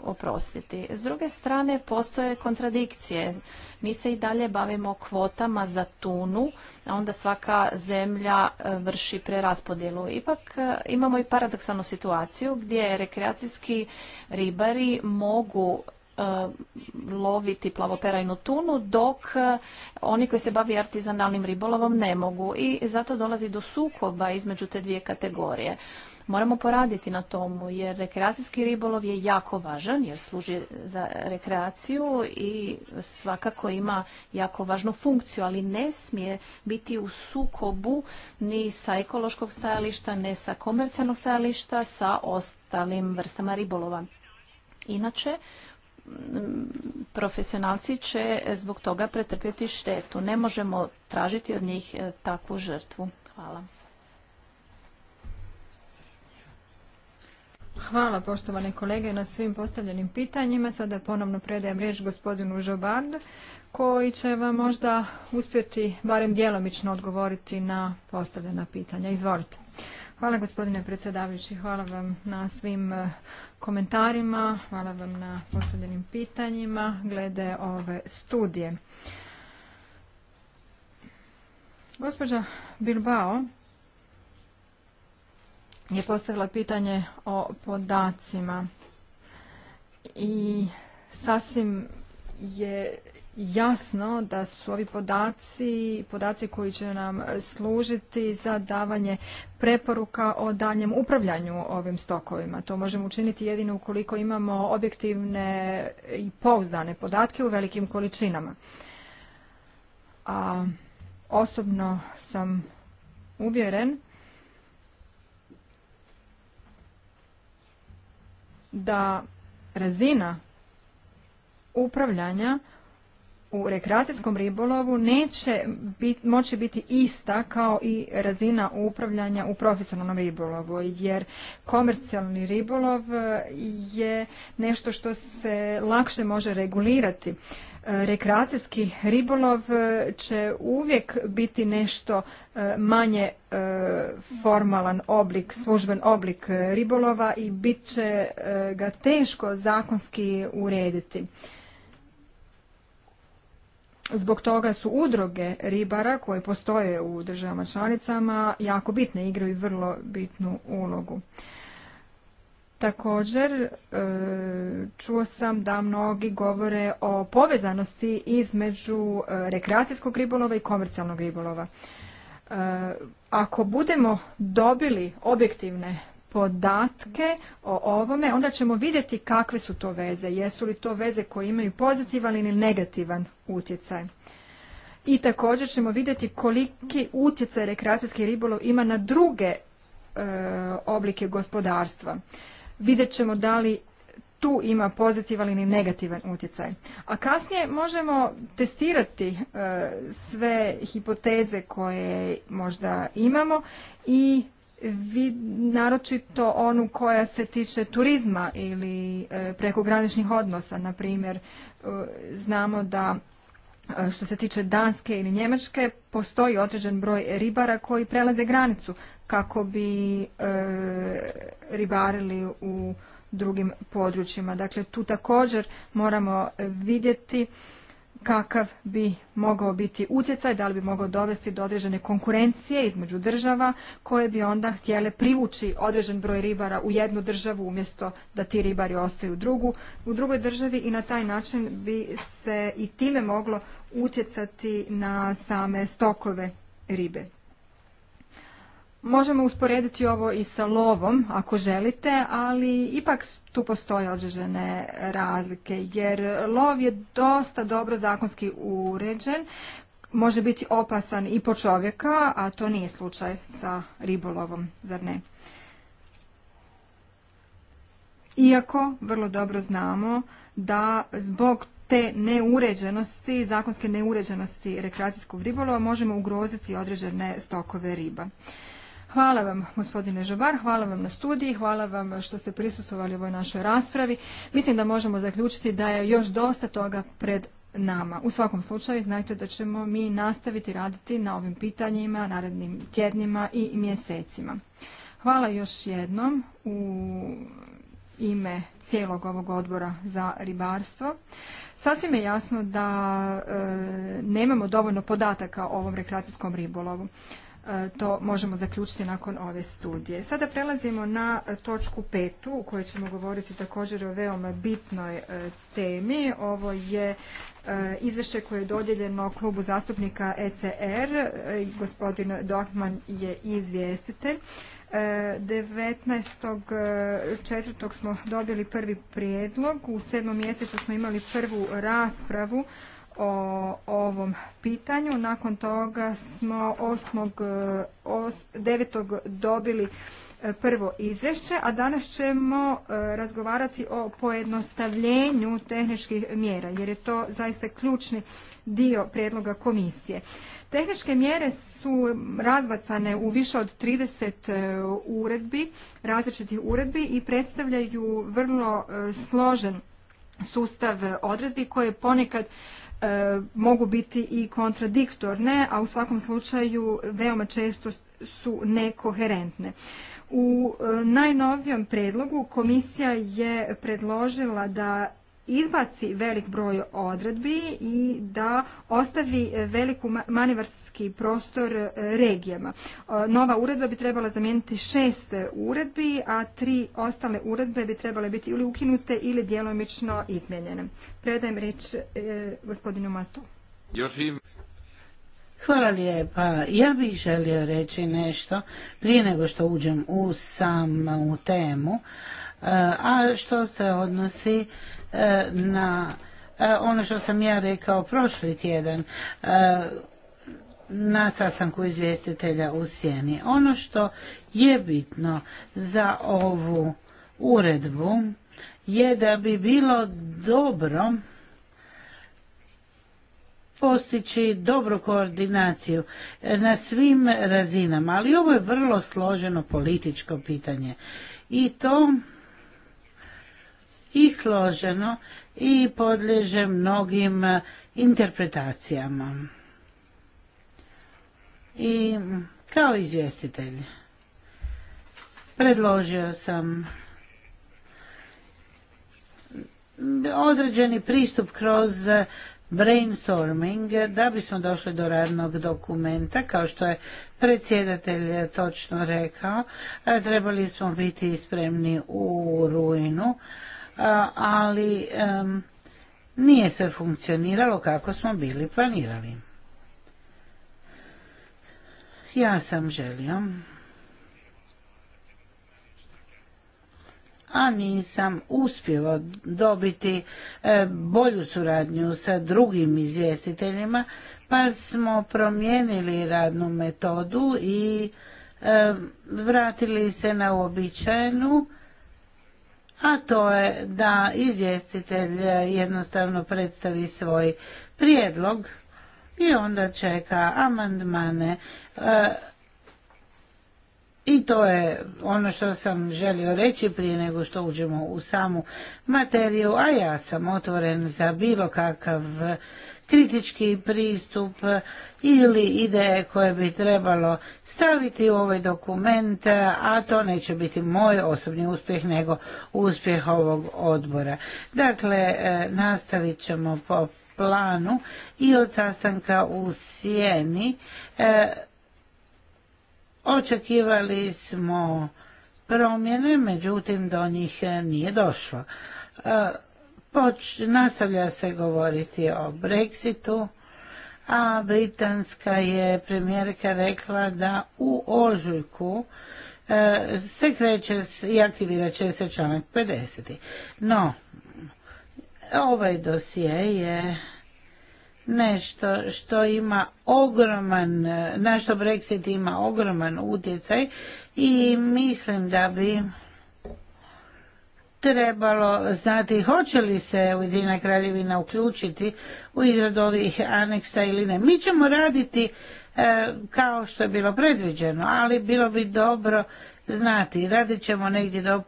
oprostiti. S druge strane, postoje kontradikcije. Mi se i dalje bavimo kvotama za tunu, a onda svaka zemlja vrši preraspodjelu. Ipak imamo i paradoksalnu situaciju gdje rekreacijski ribari mogu E, loviti plavoperajnu tunu, dok e, oni koji se bavi artizanalnim ribolovom ne mogu. I zato dolazi do sukoba između te dvije kategorije. Moramo poraditi na tomu jer rekreacijski ribolov je jako važan jer služi za rekreaciju i svakako ima jako važnu funkciju, ali ne smije biti u sukobu ni sa ekološkog stajališta, ne sa komercijalnog stajališta, sa ostalim vrstama ribolova. Inače, profesionalci će zbog toga pretrpjeti štetu. Ne možemo tražiti od njih e, takvu žrtvu. Hvala. Hvala poštovane kolege na svim postavljenim pitanjima. Sada ponovno predajem riječ gospodinu Žobard koji će vam možda uspjeti barem djelomično odgovoriti na postavljena pitanja. Izvolite. Hvala gospodine predsjedavajući, hvala vam na svim e, komentarima, hvala vam na postavljenim pitanjima glede ove studije. Gospođa Bilbao je postavila pitanje o podacima i sasvim je jasno da su ovi podaci, podaci koji će nam služiti za davanje preporuka o daljem upravljanju ovim stokovima. To možemo učiniti jedino ukoliko imamo objektivne i pouzdane podatke u velikim količinama. A osobno sam uvjeren da razina upravljanja u rekreacijskom ribolovu neće bit, moći biti ista kao i razina upravljanja u profesionalnom ribolovu jer komercijalni ribolov e, je nešto što se lakše može regulirati e, rekreacijski ribolov e, će uvijek biti nešto manje formalan oblik, služben oblik ribolova i bit će ga teško zakonski urediti. Zbog toga su udroge ribara koje postoje u državama članicama jako bitne, igraju vrlo bitnu ulogu. Također, e, čuo sam da mnogi govore o povezanosti između e, rekreacijskog ribolova i komercijalnog ribolova. E, ako budemo dobili objektivne podatke o ovome, onda ćemo vidjeti kakve su to veze. Jesu li to veze koje imaju pozitivan ili negativan utjecaj. I također ćemo vidjeti koliki utjecaj rekreacijski ribolov ima na druge e, oblike gospodarstva. Vidjet ćemo da li tu ima pozitivan ili negativan utjecaj. A kasnije možemo testirati e, sve hipoteze koje možda imamo i naročito onu koja se tiče turizma ili e, prekograničnih odnosa. Na primjer, e, znamo da e, što se tiče Danske ili Njemačke, postoji određen broj ribara koji prelaze granicu kako bi ribarili u drugim područjima. Dakle, tu također moramo vidjeti kakav bi mogao biti utjecaj, da li bi mogao dovesti do određene konkurencije između država koje bi onda htjele privući određen broj ribara u jednu državu umjesto da ti ribari ostaju u drugu, u drugoj državi i na taj način bi se i time moglo utjecati na same stokove ribe. Možemo usporediti ovo i sa lovom ako želite, ali ipak tu postoje određene razlike jer lov je dosta dobro zakonski uređen, može biti opasan i po čovjeka, a to nije slučaj sa ribolovom, zar ne? Iako vrlo dobro znamo da zbog te neuređenosti, zakonske neuređenosti rekreacijskog ribolova možemo ugroziti određene stokove riba. Hvala vam gospodine Žabar, hvala vam na studiji, hvala vam što ste prisustvovali u ovoj našoj raspravi. Mislim da možemo zaključiti da je još dosta toga pred nama. U svakom slučaju znajte da ćemo mi nastaviti raditi na ovim pitanjima, narednim tjednima i mjesecima. Hvala još jednom u ime cijelog ovog odbora za ribarstvo. Sasvim je jasno da e, nemamo dovoljno podataka o ovom rekreacijskom ribolovu. E, to možemo zaključiti nakon ove studije. Sada prelazimo na e, točku petu u kojoj ćemo govoriti također o veoma bitnoj e, temi. Ovo je izvješće koje je dodijeljeno klubu zastupnika ECR. Gospodin dohman je izvjestitelj. 19.4. smo dobili prvi prijedlog. U sedmom mjesecu smo imali prvu raspravu o ovom pitanju. Nakon toga smo 9. dobili e, prvo izvješće, a danas ćemo e, razgovarati o pojednostavljenju tehničkih mjera, jer je to zaista ključni dio prijedloga komisije. Tehničke mjere su razbacane u više od 30 e, uredbi, različitih uredbi i predstavljaju vrlo složen sustav odredbi koje ponekad E, mogu biti i kontradiktorne, a u svakom slučaju veoma često su nekoherentne. U e, najnovijom predlogu komisija je predložila da izbaci velik broj odredbi i da ostavi veliku manevarski prostor e, regijama. E, nova uredba bi trebala zamijeniti šest uredbi, a tri ostale uredbe bi trebale biti ili ukinute ili djelomično izmijenjene. Predajem riječ e, gospodinu Matu. Još im... Hvala lijepa. Ja bih želio reći nešto prije nego što uđem u samu temu, a što se odnosi E, na e, ono što sam ja rekao prošli tjedan e, na sastanku izvjestitelja u Sjeni. Ono što je bitno za ovu uredbu je da bi bilo dobro postići dobru koordinaciju na svim razinama, ali ovo je vrlo složeno političko pitanje i to i složeno i podliježe mnogim interpretacijama. I kao izvjestitelj predložio sam određeni pristup kroz brainstorming da bismo došli do radnog dokumenta kao što je predsjedatelj točno rekao e, trebali smo biti spremni u ruinu ali nije sve funkcioniralo kako smo bili planirali. Ja sam želio, a nisam uspjevao dobiti e, bolju suradnju sa drugim izvjestiteljima, pa smo promijenili radnu metodu i vratili se na uobičajenu a to je da izvjestitelj jednostavno predstavi svoj prijedlog i onda čeka amandmane. E, I to je ono što sam želio reći prije nego što uđemo u samu materiju, a ja sam otvoren za bilo kakav kritički pristup ili ideje koje bi trebalo staviti u ovaj dokument, a to neće biti moj osobni uspjeh, nego uspjeh ovog odbora. Dakle, e, nastavit ćemo po planu i od sastanka u Sjeni e, očekivali smo promjene, međutim do njih nije došlo. E, nastavlja se govoriti o Brexitu, a britanska je premijerka rekla da u ožujku e, se kreće i aktivirat će se članak 50. No, ovaj dosije je nešto što ima ogroman, na što Brexit ima ogroman utjecaj i mislim da bi trebalo znati hoće li se Ujedina kraljevina uključiti u izradu ovih aneksa ili ne. Mi ćemo raditi e, kao što je bilo predviđeno, ali bilo bi dobro znati. Radit ćemo negdje, do,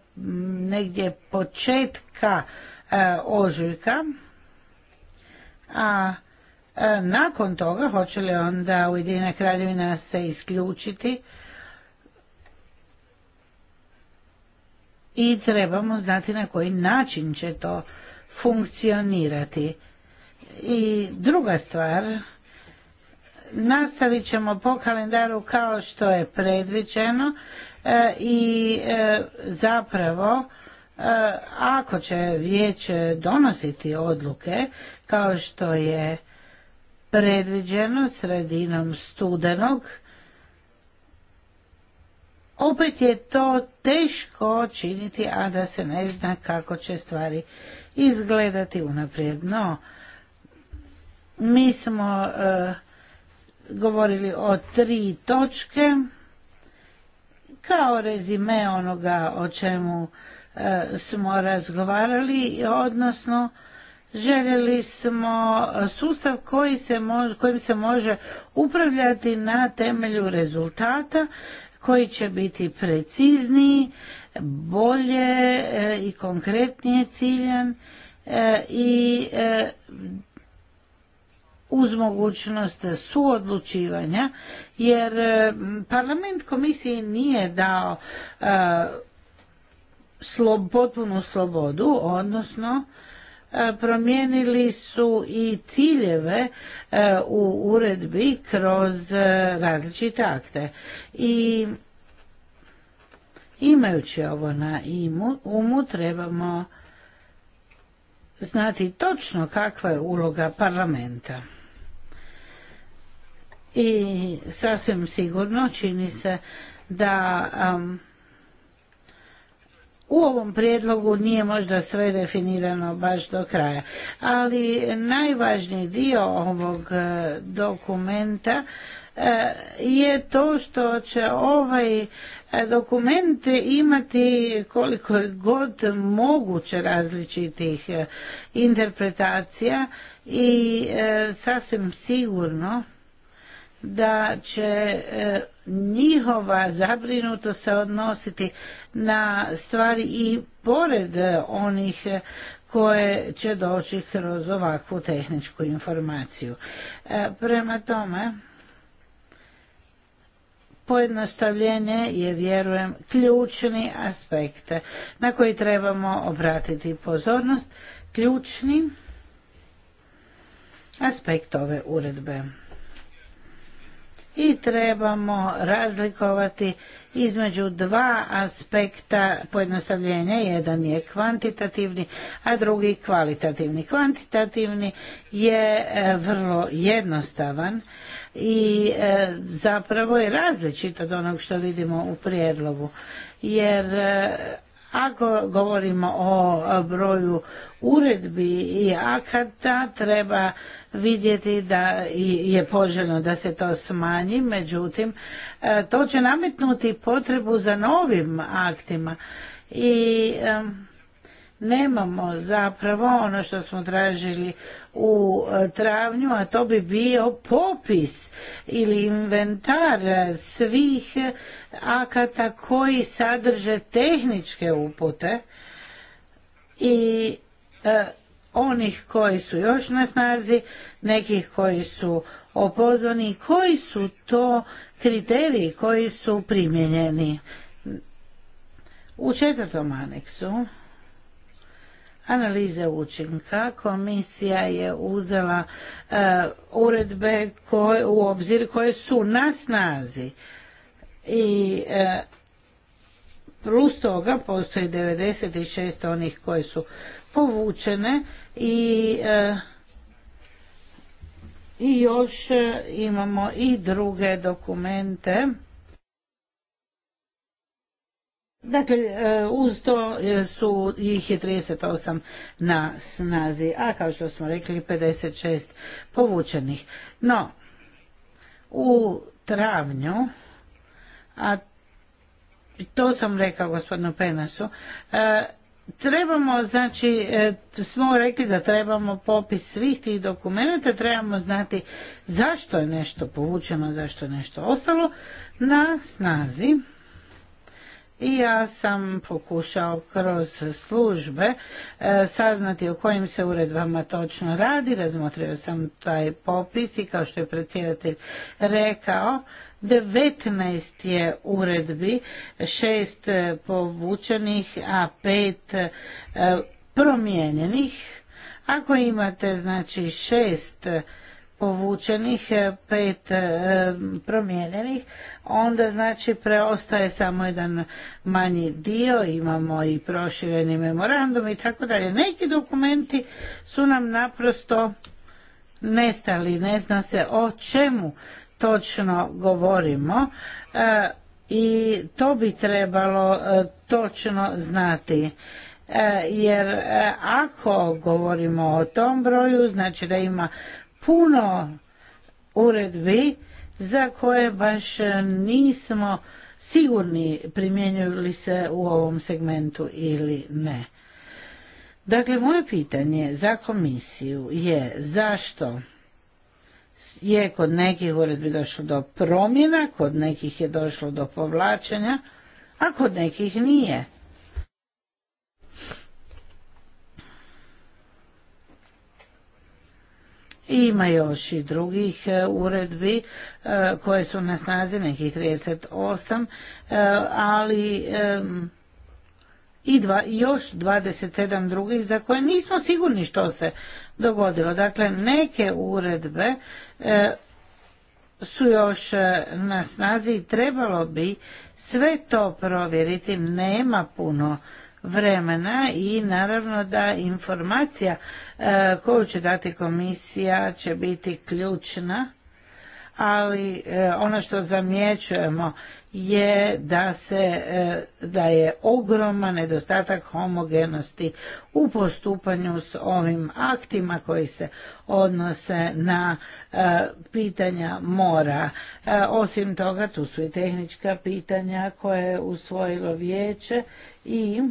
negdje početka e, ožujka, a e, nakon toga hoće li onda Ujedina kraljevina se isključiti i trebamo znati na koji način će to funkcionirati. I druga stvar, nastavit ćemo po kalendaru kao što je predviđeno e, i e, zapravo e, ako će vijeće donositi odluke kao što je predviđeno sredinom studenog opet je to teško činiti, a da se ne zna kako će stvari izgledati unaprijed. No, mi smo e, govorili o tri točke kao rezime onoga o čemu e, smo razgovarali, odnosno željeli smo sustav koji se kojim se može upravljati na temelju rezultata koji će biti precizniji, bolje e, i konkretnije ciljan e, i e, uz mogućnost suodlučivanja jer parlament komisiji nije dao potpunu slobodu odnosno E, promijenili su i ciljeve e, u uredbi kroz e, različite akte. I imajući ovo na umu trebamo znati točno kakva je uloga parlamenta. I sasvim sigurno čini se da u ovom prijedlogu nije možda sve definirano baš do kraja. Ali najvažniji dio ovog e, dokumenta e, je to što će ovaj e, dokument imati koliko je god moguće različitih interpretacija i sasvim sigurno da će njihova zabrinutost se odnositi na stvari i pored e, onih e, koje će doći kroz ovakvu tehničku informaciju. E, prema tome, pojednostavljenje je, vjerujem, ključni aspekt na koji trebamo obratiti pozornost, ključni aspekt ove uredbe i trebamo razlikovati između dva aspekta pojednostavljenja. Jedan je kvantitativni, a drugi kvalitativni. Kvantitativni je e, vrlo jednostavan i e, zapravo je različit od onog što vidimo u prijedlogu jer e, ako govorimo o broju uredbi i akata, treba vidjeti da je poželjno da se to smanji, međutim, e, to će nametnuti potrebu za novim aktima. I nemamo zapravo ono što smo tražili u e, travnju, a to bi bio popis ili inventar svih akata koji sadrže tehničke upute i e, onih koji su još na snazi, nekih koji su opozvani, koji su to kriteriji koji su primjenjeni. U četvrtom aneksu analize učinka. Komisija je uzela e, uredbe koje, u obzir koje su na snazi i e, plus toga postoji 96 onih koje su povučene i e, i još imamo i druge dokumente Dakle, e, uz to e, su ih je 38 na snazi, a kao što smo rekli 56 povučenih. No, u travnju, a to sam rekao gospodinu Penasu, e, trebamo, znači, smo rekli da trebamo popis svih tih dokumenta, trebamo znati zašto je nešto povučeno, zašto je nešto ostalo na snazi i ja sam pokušao kroz službe e, saznati o kojim se uredbama točno radi. Razmotrio sam taj popis i kao što je predsjedatelj rekao, 19 je uredbi, šest e, povučenih, a pet e, promijenjenih. Ako imate znači šest povučenih, e, pet e, promijenjenih, onda znači preostaje samo jedan manji dio, imamo i prošireni memorandum i tako dalje. Neki dokumenti su nam naprosto nestali, ne zna se o čemu točno govorimo e, i to bi trebalo točno znati jer ako govorimo o tom broju, znači da ima puno uredbi za koje baš nismo sigurni primjenjuju li se u ovom segmentu ili ne. Dakle, moje pitanje za komisiju je zašto je kod nekih uredbi došlo do promjena, kod nekih je došlo do povlačenja, a kod nekih nije. ima još i drugih e, uredbi e, koje su na snazi, nekih 38, e, ali i dva, još 27 drugih za koje nismo sigurni što se dogodilo. Dakle, neke uredbe su još na snazi i trebalo bi sve to provjeriti. Nema puno vremena i naravno da informacija e, koju će dati komisija će biti ključna ali e, ono što zamjećujemo je da se e, da je ogroman nedostatak homogenosti u postupanju s ovim aktima koji se odnose na pitanja mora osim toga tu su i tehnička pitanja koje je usvojilo vijeće i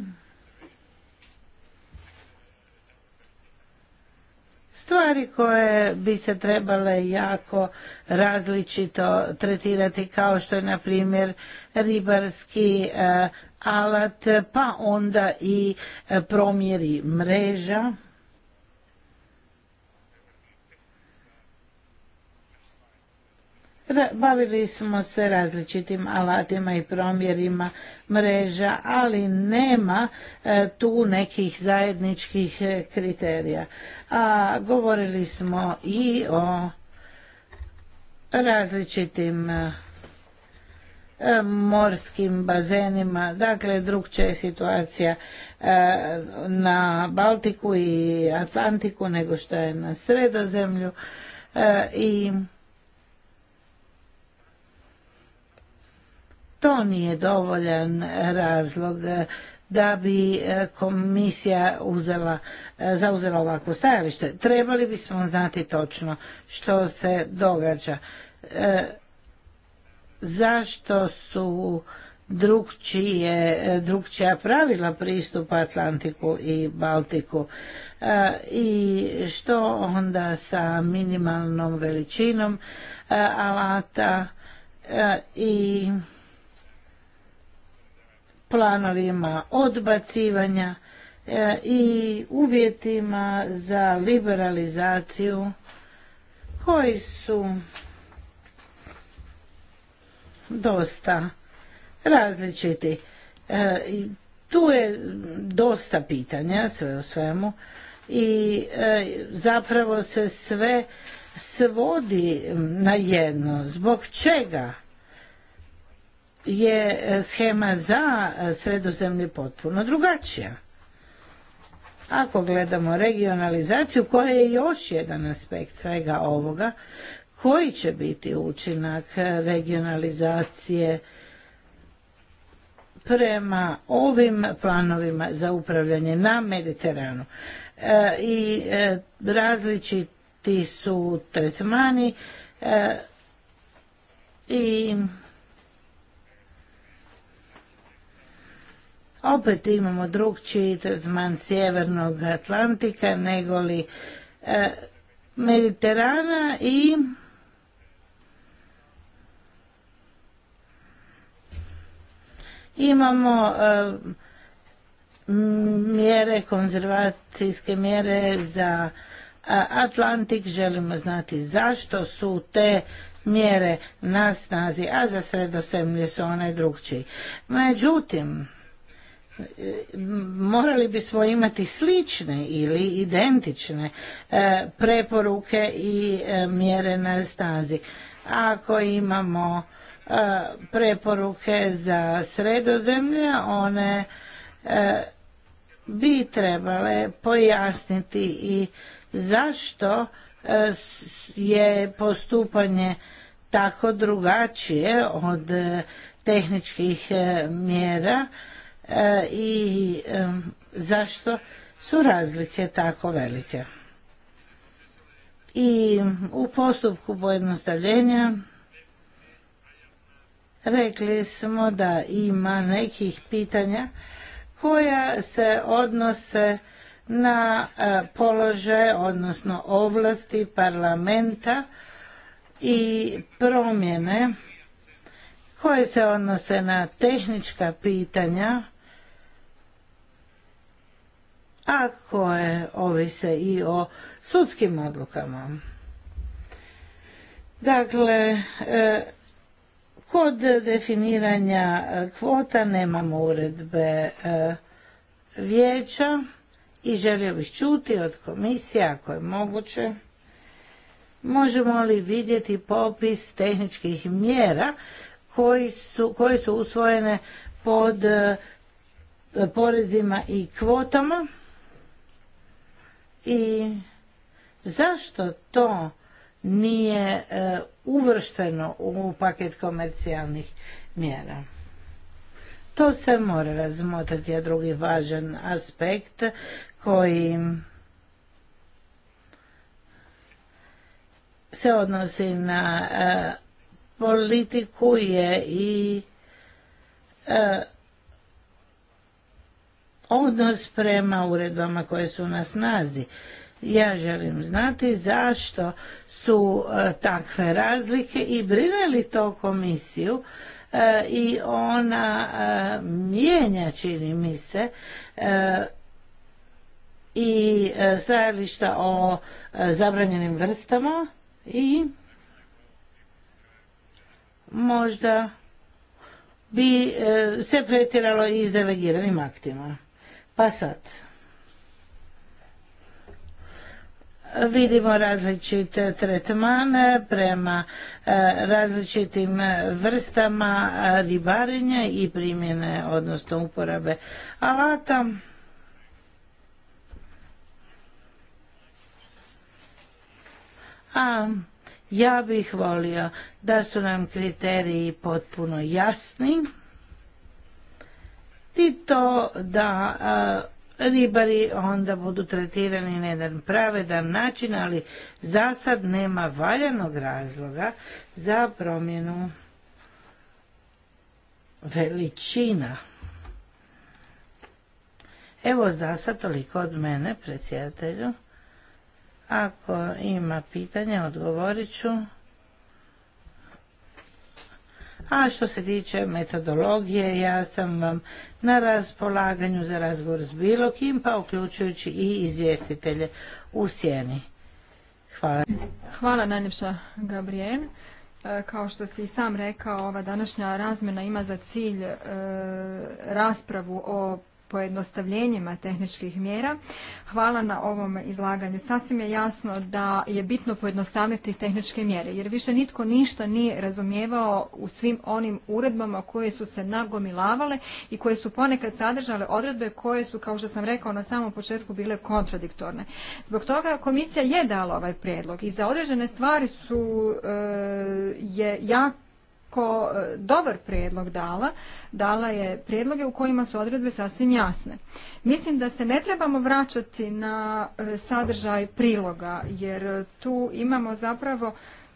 stvari koje bi se trebale jako različito tretirati kao što je na primjer ribarski eh, alat pa onda i eh, promjeri mreža Bavili smo se različitim alatima i promjerima mreža, ali nema e, tu nekih zajedničkih e, kriterija. A govorili smo i o različitim e, morskim bazenima, dakle drugče je situacija na Baltiku i Atlantiku nego što je na Sredozemlju i to nije dovoljan razlog da bi e, komisija uzela, e, zauzela ovako stajalište. Trebali bismo znati točno što se događa. E, zašto su drugčije, drugčija pravila pristupa Atlantiku i Baltiku i što onda sa minimalnom veličinom alata i planovima odbacivanja e, i uvjetima za liberalizaciju koji su dosta različiti. E, tu je dosta pitanja sve u svemu i e, zapravo se sve svodi na jedno. Zbog čega je e, schema za e, sredozemlje potpuno drugačija. Ako gledamo regionalizaciju, koja je još jedan aspekt svega ovoga, koji će biti učinak e, regionalizacije prema ovim planovima za upravljanje na Mediteranu. I različiti su tretmani i opet imamo drugčiji tretman sjevernog Atlantika nego e, Mediterana i imamo e, mjere, konzervacijske mjere za e, Atlantik. Želimo znati zašto su te mjere na snazi, a za Sredosemlje su one drugčiji. Međutim, morali bismo imati slične ili identične e, preporuke i e, mjere na stazi. Ako imamo e, preporuke za sredozemlje, one bi trebale pojasniti i zašto je postupanje tako drugačije od tehničkih mjera E, i e, zašto su razlike tako velike. I u postupku pojednostavljenja rekli smo da ima nekih pitanja koja se odnose na e, položaj, odnosno ovlasti parlamenta i promjene koje se odnose na tehnička pitanja a koje ovise i o sudskim odlukama. Dakle, e, kod definiranja kvota nemamo uredbe e, vijeća i želio bih čuti od komisije ako je moguće možemo li vidjeti popis tehničkih mjera koji koje su usvojene pod e, porezima i kvotama i zašto to nije e, uvršteno u paket komercijalnih mjera. To se mora razmotriti, a drugi važan aspekt koji se odnosi na e, politiku je i e, odnos prema uredbama koje su na snazi. Ja želim znati zašto su e, takve razlike i brine li to komisiju e, i ona e, mijenja čini mi se i stajališta o zabranjenim vrstama i možda bi se pretjeralo i s delegiranim aktima. Pa sad, vidimo različite tretmane prema e, različitim vrstama ribarenja i primjene, odnosno uporabe alata. A ja bih volio da su nam kriteriji potpuno jasni i to da e, ribari onda budu tretirani na jedan pravedan način, ali za sad nema valjanog razloga za promjenu veličina. Evo za sad toliko od mene, predsjedatelju. Ako ima pitanja, odgovorit ću. A što se tiče metodologije, ja sam vam na raspolaganju za razgovor s bilo kim, pa uključujući i izvjestitelje u sjeni. Hvala. Hvala najljepša, Gabrijen. E, kao što si i sam rekao, ova današnja razmjena ima za cilj e, raspravu o pojednostavljenjima tehničkih mjera. Hvala na ovom izlaganju. Sasvim je jasno da je bitno pojednostaviti tehničke mjere, jer više nitko ništa nije razumijevao u svim onim uredbama koje su se nagomilavale i koje su ponekad sadržale odredbe koje su, kao što sam rekao na samom početku, bile kontradiktorne. Zbog toga komisija je dala ovaj prijedlog i za određene stvari su e, je jako jako e, dobar prijedlog dala. Dala je prijedloge u kojima su odredbe sasvim jasne. Mislim da se ne trebamo vraćati na e, sadržaj priloga, jer tu imamo zapravo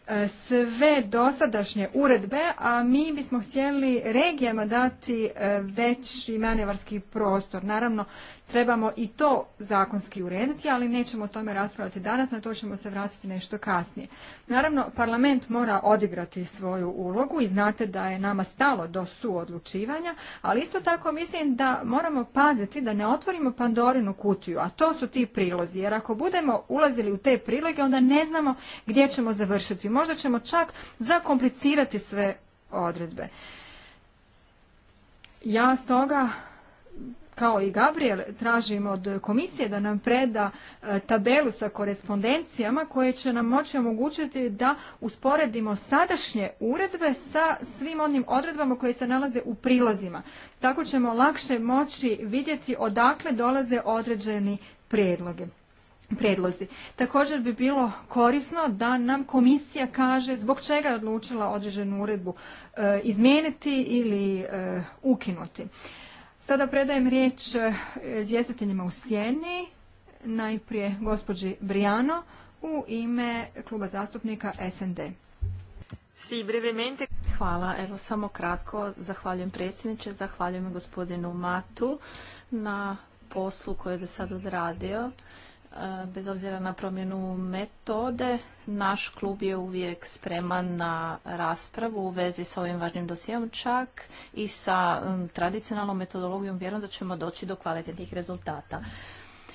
e, sve dosadašnje uredbe, a mi bismo htjeli regijama dati veći manevarski prostor. Naravno, Trebamo i to zakonski urediti, ali nećemo o tome raspravljati danas, na to ćemo se vratiti nešto kasnije. Naravno, parlament mora odigrati svoju ulogu i znate da je nama stalo do suodlučivanja, ali isto tako mislim da moramo paziti da ne otvorimo Pandorinu kutiju, a to su ti prilozi, jer ako budemo ulazili u te priloge, onda ne znamo gdje ćemo završiti. Možda ćemo čak zakomplicirati sve odredbe. Ja stoga kao i Gabriel tražim od komisije da nam preda e, tabelu sa korespondencijama koje će nam moći omogućiti da usporedimo sadašnje uredbe sa svim onim odredbama koje se nalaze u prilozima. Tako ćemo lakše moći vidjeti odakle dolaze određeni prijedloge predlozi. Također bi bilo korisno da nam komisija kaže zbog čega je odlučila određenu uredbu e, izmijeniti ili e, ukinuti. Sada predajem riječ e, izvjestiteljima u sjeni, najprije gospođi Brijano u ime kluba zastupnika SND. Hvala. Evo samo kratko. Zahvaljujem predsjedniče, zahvaljujem gospodinu Matu na poslu koju je do sad odradio. E, bez obzira na promjenu metode, naš klub je uvijek spreman na raspravu u vezi sa ovim važnim dosijom čak i sa tradicionalnom metodologijom vjerujem da ćemo doći do kvalitetnih rezultata.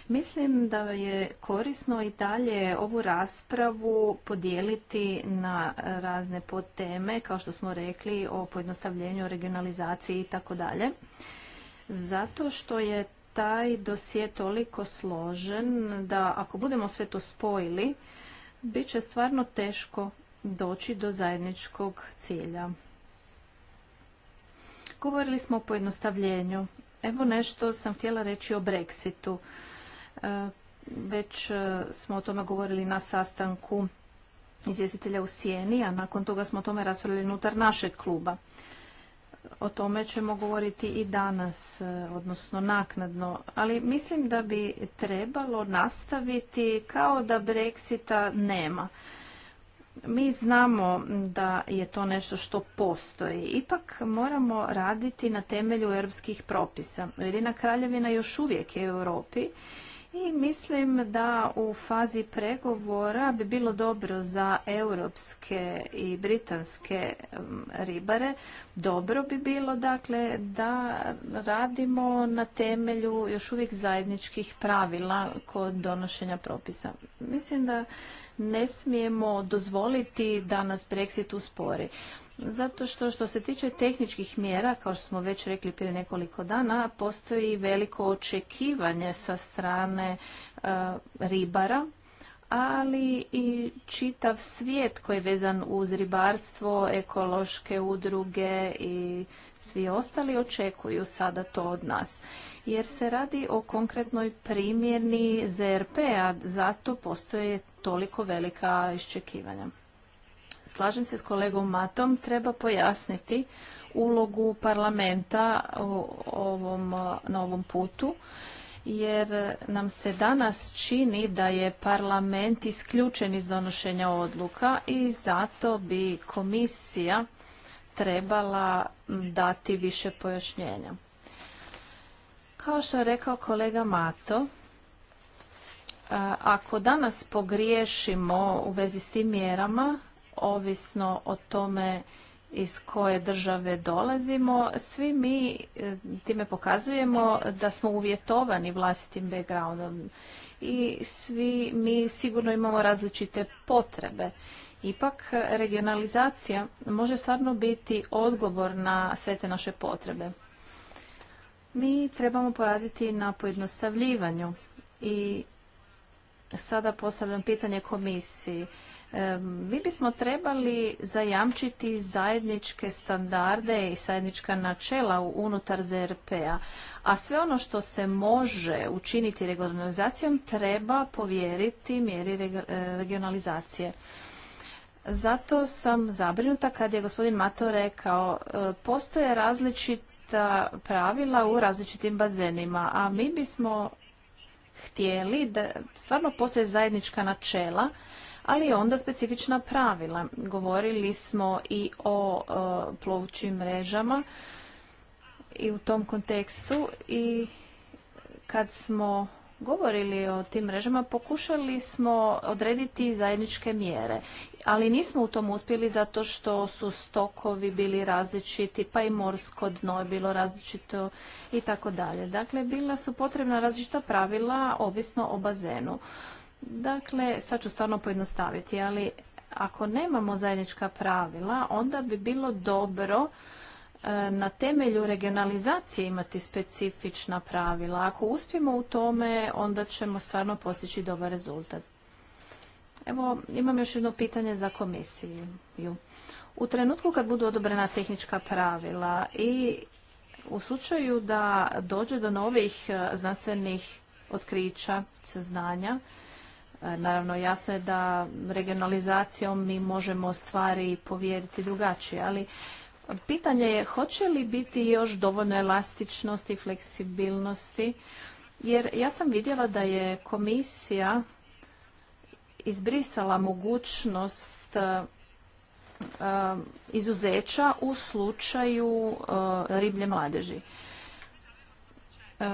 Mislim da je korisno i dalje ovu raspravu podijeliti na razne podteme, kao što smo rekli o pojednostavljenju, regionalizaciji i tako dalje. Zato što je taj dosje toliko složen da ako budemo sve to spojili, bit će stvarno teško doći do zajedničkog cilja. Govorili smo o pojednostavljenju. Evo nešto sam htjela reći o Brexitu. E, već e, smo o tome govorili na sastanku izvjestitelja u Sijeni, a nakon toga smo o tome raspravili unutar našeg kluba o tome ćemo govoriti i danas, e, odnosno naknadno, ali mislim da bi trebalo nastaviti kao da Brexita nema. Mi znamo da je to nešto što postoji. Ipak moramo raditi na temelju europskih propisa. Jedina kraljevina još uvijek je u Europi i mislim da u fazi pregovora bi bilo dobro za europske i britanske ribare, dobro bi bilo dakle da radimo na temelju još uvijek zajedničkih pravila kod donošenja propisa. Mislim da ne smijemo dozvoliti da nas Brexit uspori. Zato što što se tiče tehničkih mjera, kao što smo već rekli prije nekoliko dana, postoji veliko očekivanje sa strane e, ribara, ali i čitav svijet koji je vezan uz ribarstvo, ekološke udruge i svi ostali očekuju sada to od nas. Jer se radi o konkretnoj primjeni ZRP-a, zato postoje toliko velika iščekivanja. Slažem se s kolegom Matom, treba pojasniti ulogu parlamenta u ovom, novom putu jer nam se danas čini da je parlament isključen iz donošenja odluka i zato bi komisija trebala dati više pojašnjenja. Kao što je rekao kolega Mato, ako danas pogriješimo u vezi s tim mjerama, ovisno o tome iz koje države dolazimo, svi mi e, time pokazujemo da smo uvjetovani vlastitim backgroundom i svi mi sigurno imamo različite potrebe. Ipak regionalizacija može stvarno biti odgovor na sve te naše potrebe. Mi trebamo poraditi na pojednostavljivanju i sada postavljam pitanje komisiji. Mi bismo trebali zajamčiti zajedničke standarde i zajednička načela unutar ZRP-a, a sve ono što se može učiniti regionalizacijom treba povjeriti mjeri e, regionalizacije. Zato sam zabrinuta kad je gospodin Mato rekao e, postoje različita pravila u različitim bazenima, a mi bismo htjeli da stvarno postoje zajednička načela ali onda specifična pravila. Govorili smo i o e, plovućim mrežama i u tom kontekstu i kad smo govorili o tim mrežama, pokušali smo odrediti zajedničke mjere, ali nismo u tom uspjeli zato što su stokovi bili različiti, pa i morsko dno je bilo različito i tako dalje. Dakle, bila su potrebna različita pravila ovisno o bazenu. Dakle, sad ću stvarno pojednostaviti, ali ako nemamo zajednička pravila, onda bi bilo dobro e, na temelju regionalizacije imati specifična pravila. Ako uspijemo u tome, onda ćemo stvarno postići dobar rezultat. Evo, imam još jedno pitanje za komisiju. U trenutku kad budu odobrena tehnička pravila i u slučaju da dođe do novih e, znanstvenih otkrića, saznanja, Naravno, jasno je da regionalizacijom mi možemo stvari povjeriti drugačije, ali pitanje je hoće li biti još dovoljno elastičnosti i fleksibilnosti, jer ja sam vidjela da je komisija izbrisala mogućnost e, e, izuzeća u slučaju e, riblje mladeži. E,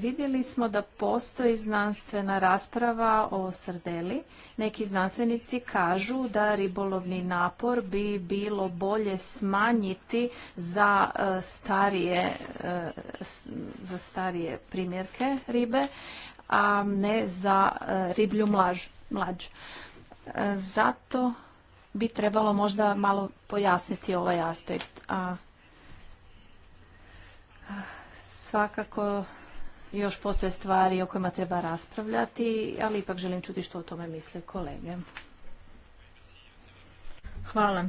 vidjeli smo da postoji znanstvena rasprava o srdeli. Neki znanstvenici kažu da ribolovni napor bi bilo bolje smanjiti za e, starije, e, za starije primjerke ribe, a ne za riblju mlaž. mlađ. Zato bi trebalo možda malo pojasniti ovaj aspekt. A Svakako još postoje stvari o kojima treba raspravljati, ali ipak želim čuti što o tome misle kolege. Hvala.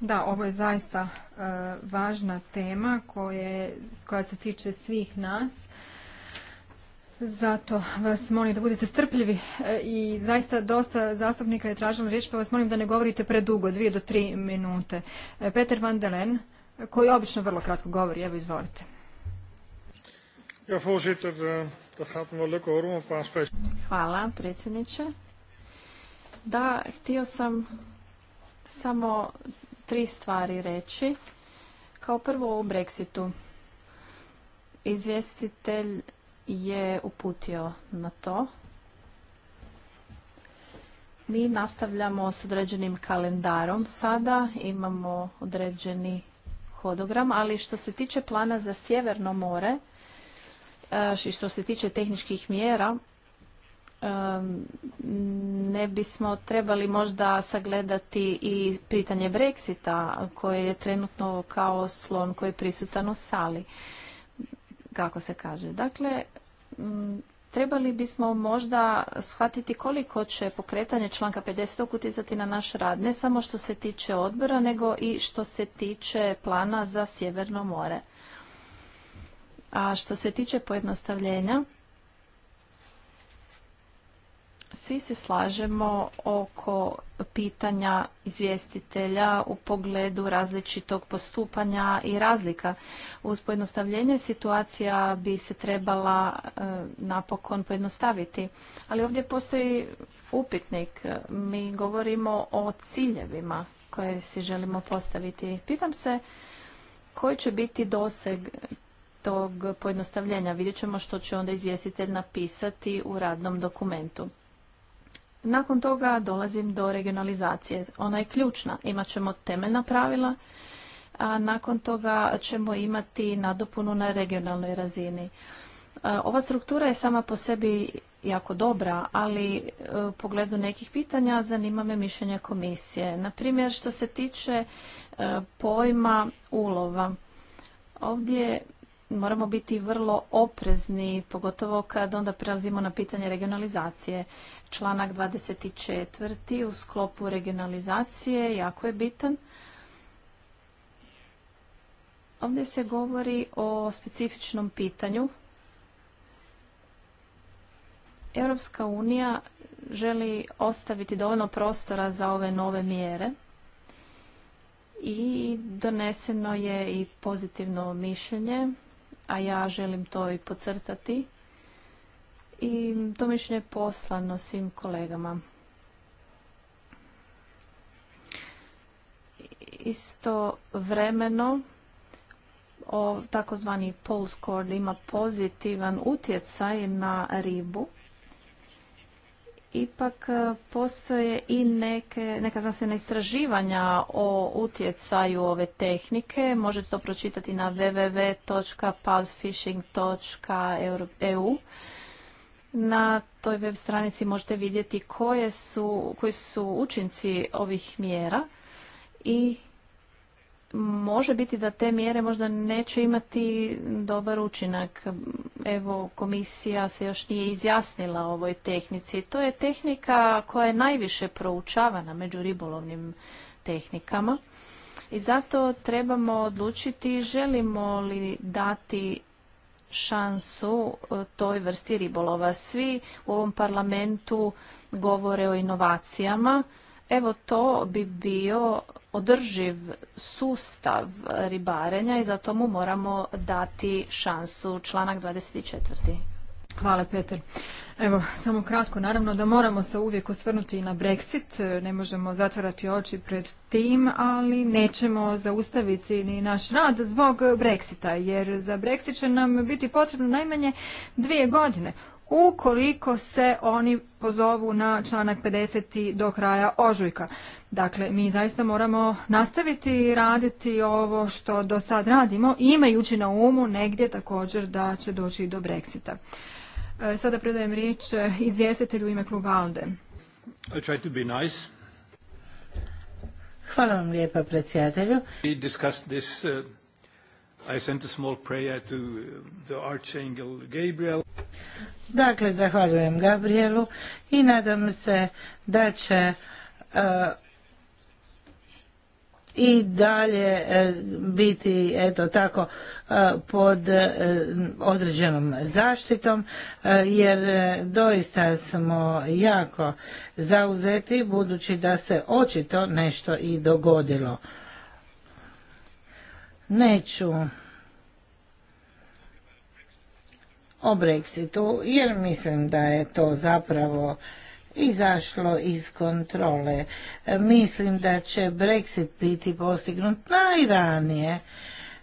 Da, ovo je zaista e, važna tema koja se tiče svih nas. Zato vas molim da budete strpljivi e, i zaista dosta zastupnika je tražilo riječ, pa vas molim da ne govorite predugo, dvije do tri minute. E, Peter van Delen, koji obično vrlo kratko govori, evo izvolite. Hvala, predsjedniče. Da, htio sam samo tri stvari reći. Kao prvo o Brexitu. Izvjestitelj je uputio na to. Mi nastavljamo s određenim kalendarom sada, imamo određeni hodogram, ali što se tiče plana za Sjeverno more, što se tiče tehničkih mjera, ne bismo trebali možda sagledati i pitanje Brexita koje je trenutno kao slon koji je prisutan u sali, kako se kaže. Dakle, trebali bismo možda shvatiti koliko će pokretanje članka 50. utjecati na naš rad, ne samo što se tiče odbora, nego i što se tiče plana za Sjeverno more. A što se tiče pojednostavljenja, svi se slažemo oko pitanja izvjestitelja u pogledu različitog postupanja i razlika. Uz pojednostavljenje situacija bi se trebala e, napokon pojednostaviti, ali ovdje postoji upitnik. Mi govorimo o ciljevima koje si želimo postaviti. Pitam se koji će biti doseg tog pojednostavljenja. Vidjet ćemo što će onda izvjestitelj napisati u radnom dokumentu. Nakon toga dolazim do regionalizacije. Ona je ključna. Imaćemo ćemo temeljna pravila, a nakon toga ćemo imati nadopunu na regionalnoj razini. E, ova struktura je sama po sebi jako dobra, ali e, u pogledu nekih pitanja zanima me mišljenje komisije. Na primjer, što se tiče e, pojma ulova. Ovdje moramo biti vrlo oprezni, pogotovo kad onda prelazimo na pitanje regionalizacije. Članak 24. u sklopu regionalizacije jako je bitan. Ovdje se govori o specifičnom pitanju. Europska unija želi ostaviti dovoljno prostora za ove nove mjere i doneseno je i pozitivno mišljenje a ja želim to i podcrtati. I to mišljenje je poslano svim kolegama. Isto vremeno o takozvani pulse scored ima pozitivan utjecaj na ribu ipak e, postoje i neke, neka znanstvena istraživanja o utjecaju ove tehnike. Možete to pročitati na www.pulsefishing.eu. Na toj web stranici možete vidjeti koji su učinci ovih mjera i može biti da te mjere možda neće imati dobar učinak. Evo, komisija se još nije izjasnila o ovoj tehnici. To je tehnika koja je najviše proučavana među ribolovnim tehnikama i zato trebamo odlučiti želimo li dati šansu e, toj vrsti ribolova. Svi u ovom parlamentu govore o inovacijama. Evo to bi bio održiv sustav ribarenja i zato mu moramo dati šansu. Članak 24. Hvala Peter. Evo, samo kratko, naravno da moramo se uvijek osvrnuti i na Brexit, ne možemo zatvarati oči pred tim, ali nećemo zaustaviti ni naš rad zbog Brexita, jer za Brexit će nam biti potrebno najmanje dvije godine ukoliko se oni pozovu na članak 50. do kraja ožujka. Dakle, mi zaista moramo nastaviti raditi ovo što do sad radimo, imajući na umu negdje također da će doći do Brexita. E, sada predajem riječ izvjestitelju u ime kluba ALDE. I try to be Hvala vam lijepa predsjedatelju. Dakle, zahvaljujem Gabrielu i nadam se da će e, i dalje e, biti eto tako e, pod određenom zaštitom jer doista smo jako zauzeti budući da se očito nešto i dogodilo. Neću o Brexitu jer mislim da je to zapravo izašlo iz kontrole. Mislim da će Brexit biti postignut najranije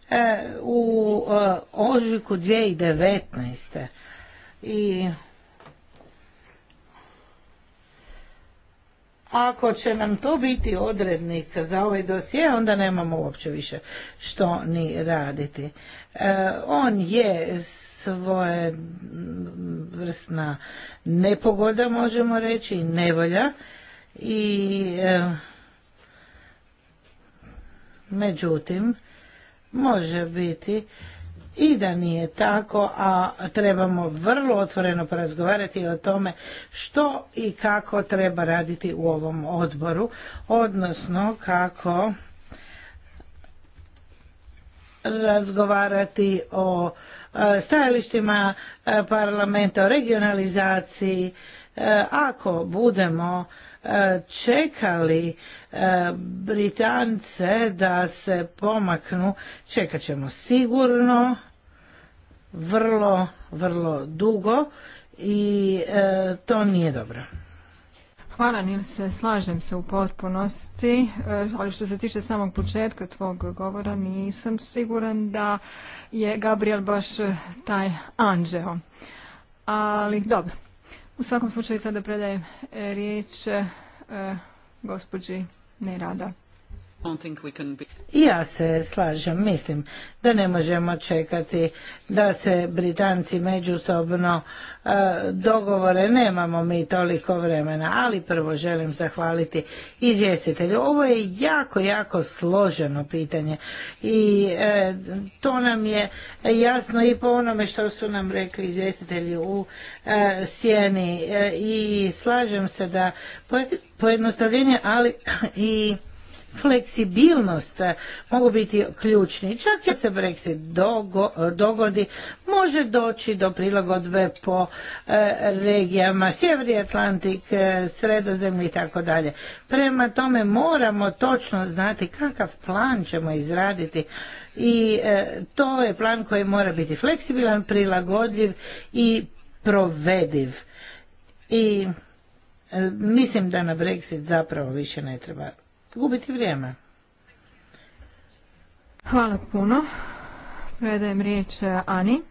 e, u e, ožujku 2019. I ako će nam to biti odrednica za ovaj dosje, onda nemamo uopće više što ni raditi. E, on je svoje mm, vrstna nepogoda možemo reći i nevolja i e, međutim može biti i da nije tako, a trebamo vrlo otvoreno porazgovarati o tome što i kako treba raditi u ovom odboru, odnosno kako razgovarati o E, stajalištima e, parlamenta o regionalizaciji, e, ako budemo čekali Britance da se pomaknu, čekat ćemo sigurno vrlo, vrlo dugo i to nije dobro. Hvala Nil se, slažem se u potpunosti, e, ali što se tiče samog početka tvog govora nisam siguran da je Gabriel baš e, taj anđeo. Ali dobro, u svakom slučaju sada predajem riječ e, gospođi Nerada. Ja se slažem, mislim da ne možemo čekati da se Britanci međusobno e, dogovore, nemamo mi toliko vremena, ali prvo želim zahvaliti izvjestitelju. Ovo je jako, jako složeno pitanje i e, to nam je jasno i po onome što su nam rekli izvjestitelji u e, sjeni i slažem se da pojednostavljenje, ali i fleksibilnost eh, mogu biti ključni. Čak i se Brexit eh, dogodi, može doći do prilagodbe po eh, regijama Sjeverni Atlantik, Sredozemlji i tako dalje. Prema tome moramo točno znati kakav plan ćemo izraditi i to je plan koji mora biti fleksibilan, prilagodljiv i provediv. I mislim da na Brexit zapravo više ne treba gubiti vrijeme. Hvala puno. Predajem riječ e, Ani.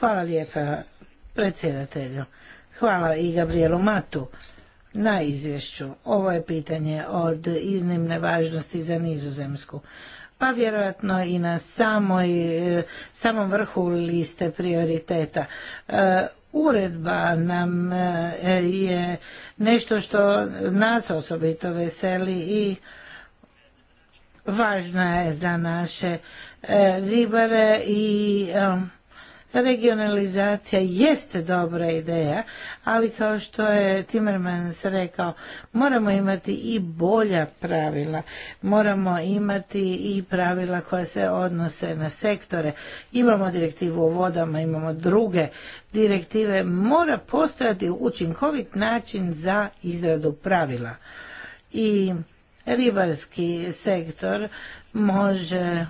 Hvala lijepa predsjedatelju. Hvala i Gabrielu Matu na izvješću. Ovo je pitanje od iznimne važnosti za nizozemsku. Pa vjerojatno i na e, samom vrhu liste prioriteta. E, uredba nam e, je nešto što nas osobito veseli i važna je za naše e, ribare i e, Regionalizacija jeste dobra ideja, ali kao što je Timmermans rekao, moramo imati i bolja pravila, moramo imati i pravila koja se odnose na sektore. Imamo direktivu o vodama, imamo druge direktive, mora postojati učinkovit način za izradu pravila. I ribarski sektor može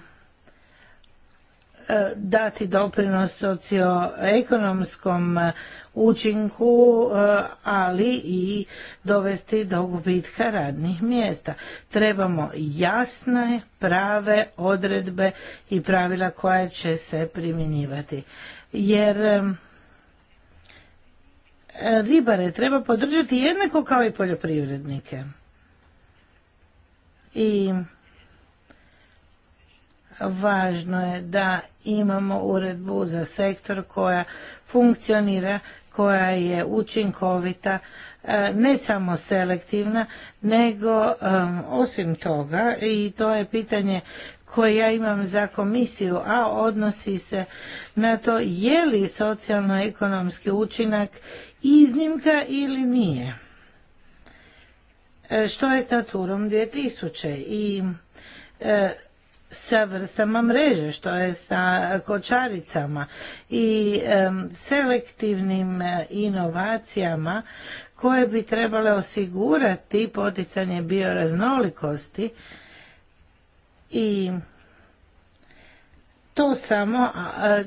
dati doprinos socioekonomskom e, učinku, e, ali i dovesti do gubitka radnih mjesta. Trebamo jasne, prave odredbe i pravila koja će se primjenjivati. Jer e, ribare treba podržati jednako kao i poljoprivrednike. I Važno je da imamo uredbu za sektor koja funkcionira, koja je učinkovita, e, ne samo selektivna, nego osim toga, i to je pitanje koje ja imam za komisiju, a odnosi se na to je li socijalno-ekonomski učinak iznimka ili nije. E, što je s naturom 2000 i e, sa vrstama mreže, što je sa kočaricama i selektivnim e, inovacijama koje bi trebale osigurati poticanje bioraznolikosti i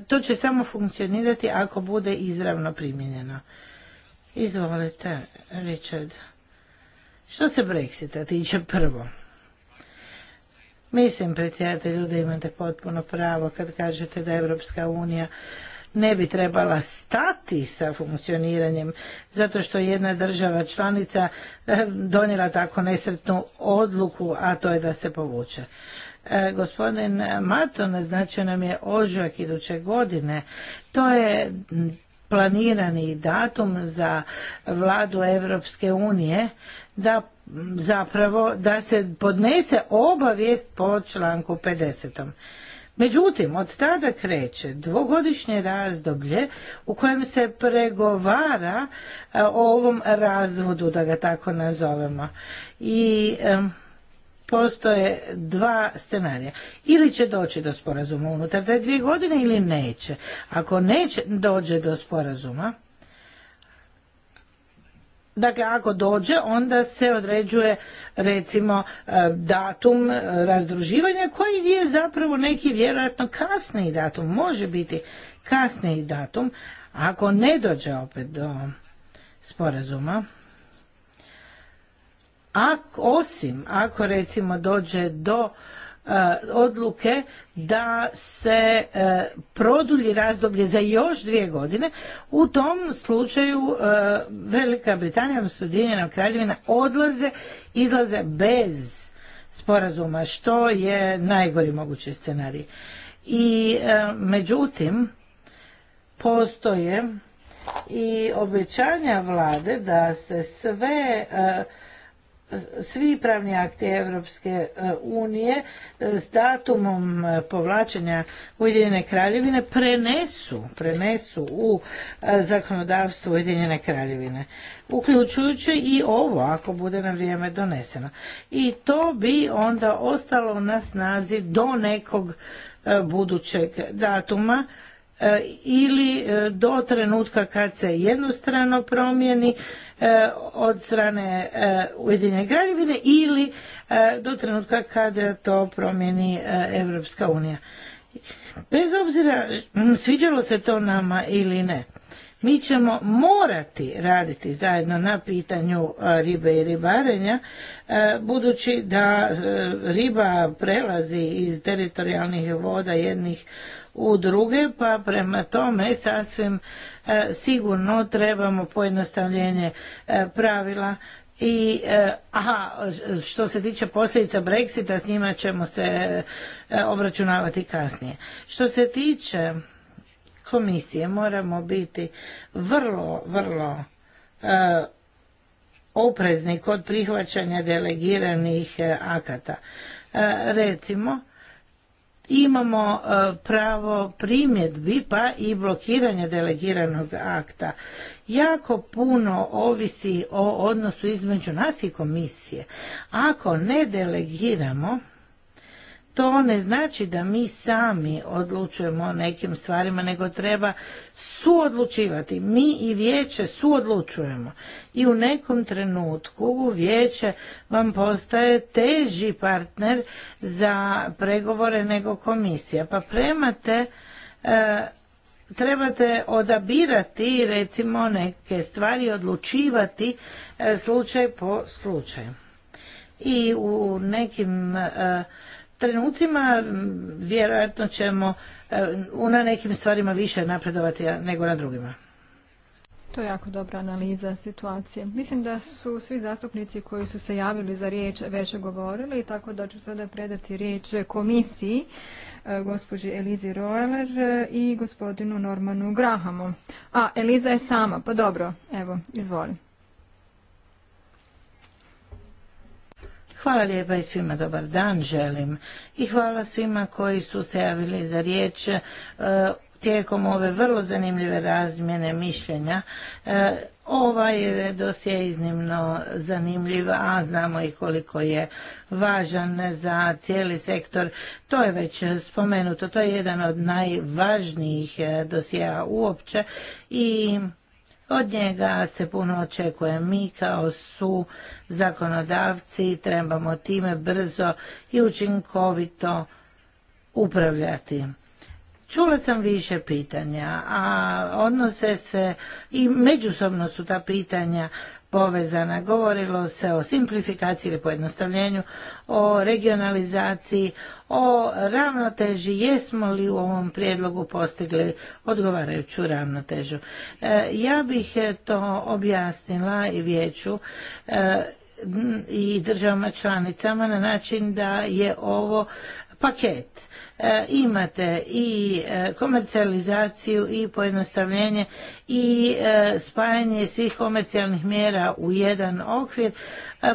to, će samo funkcionirati ako bude izravno primijenjeno. Izvolite, Richard. Što se Brexita tiče prvo? Mislim, predsjedatelju, da imate potpuno pravo kad kažete da Evropska unija ne bi trebala stati sa funkcioniranjem zato što jedna država članica eh, donijela tako nesretnu odluku, a to je da se povuče. Eh, gospodin Mato naznačio nam je ožujak iduće godine. To je planirani datum za vladu Europske unije da zapravo da se podnese obavijest po članku 50. Međutim, od tada kreće dvogodišnje razdoblje u kojem se pregovara e, o ovom razvodu, da ga tako nazovemo. I postoje dva scenarija. Ili će doći do sporazuma unutar te dvije godine ili neće. Ako neće dođe do sporazuma, Dakle, ako dođe, onda se određuje recimo e, datum e, razdruživanja koji je zapravo neki vjerojatno kasniji datum, može biti kasniji datum, ako ne dođe opet do sporazuma, ako, osim ako recimo dođe do Eh, odluke da se eh, produlji razdoblje za još dvije godine, u tom slučaju eh, Velika Britanija, odnosno Ujedinjena kraljevina odlaze, izlaze bez sporazuma, što je najgori mogući scenarij. I međutim, postoje i obećanja vlade da se sve svi pravni akti Europske e, unije e, s datumom e, povlačenja Ujedinjene kraljevine prenesu, prenesu u zakonodavstvo Ujedinjene kraljevine, uključujući i ovo ako bude na vrijeme doneseno. I to bi onda ostalo na snazi do nekog budućeg datuma ili do trenutka kad se jednostrano promijeni E, od strane e, Ujedinjene kraljevine ili e, do trenutka kada to promijeni Evropska unija. Bez obzira sviđalo se to nama ili ne, mi ćemo morati raditi zajedno na pitanju ribe i ribarenja, budući da riba prelazi iz teritorijalnih voda jednih u druge, pa prema tome sasvim e, sigurno trebamo pojednostavljenje e, pravila i e, aha, što se tiče posljedica Brexita, s njima ćemo se obračunavati kasnije. Što se tiče komisije, moramo biti vrlo, vrlo oprezni kod prihvaćanja delegiranih akata. Recimo, imamo e, pravo primjedbi pa i blokiranje delegiranog akta. Jako puno ovisi o odnosu između nas i komisije. Ako ne delegiramo to ne znači da mi sami odlučujemo o nekim stvarima, nego treba suodlučivati. Mi i vijeće suodlučujemo. I u nekom trenutku vijeće vam postaje teži partner za pregovore nego komisija. Pa premate e, trebate odabirati recimo neke stvari, odlučivati e, slučaj po slučaju. I u nekim e, trenucima vjerojatno ćemo e, na nekim stvarima više napredovati nego na drugima. To je jako dobra analiza situacije. Mislim da su svi zastupnici koji su se javili za riječ već govorili, tako da ću sada predati riječ komisiji, e, gospođi Elizi Roeler e, i gospodinu Normanu Grahamu. A, Eliza je sama, pa dobro, evo, izvoli. Hvala lijepa i svima dobar dan želim i hvala svima koji su se javili za riječ e, tijekom ove vrlo zanimljive razmjene mišljenja. E, ovaj je dosje iznimno zanimljiv, a znamo i koliko je važan za cijeli sektor. To je već spomenuto, to je jedan od najvažnijih e, dosjea uopće i od njega se puno očekuje. Mi kao su zakonodavci trebamo time brzo i učinkovito upravljati. Čula sam više pitanja, a odnose se i međusobno su ta pitanja povezana. Govorilo se o simplifikaciji ili pojednostavljenju, o regionalizaciji, o ravnoteži, jesmo li u ovom prijedlogu postigli odgovarajuću ravnotežu. E, ja bih e, to objasnila i vijeću e, i državama članicama na način da je ovo paket E, imate i e, komercijalizaciju i pojednostavljenje i e, spajanje svih komercijalnih mjera u jedan okvir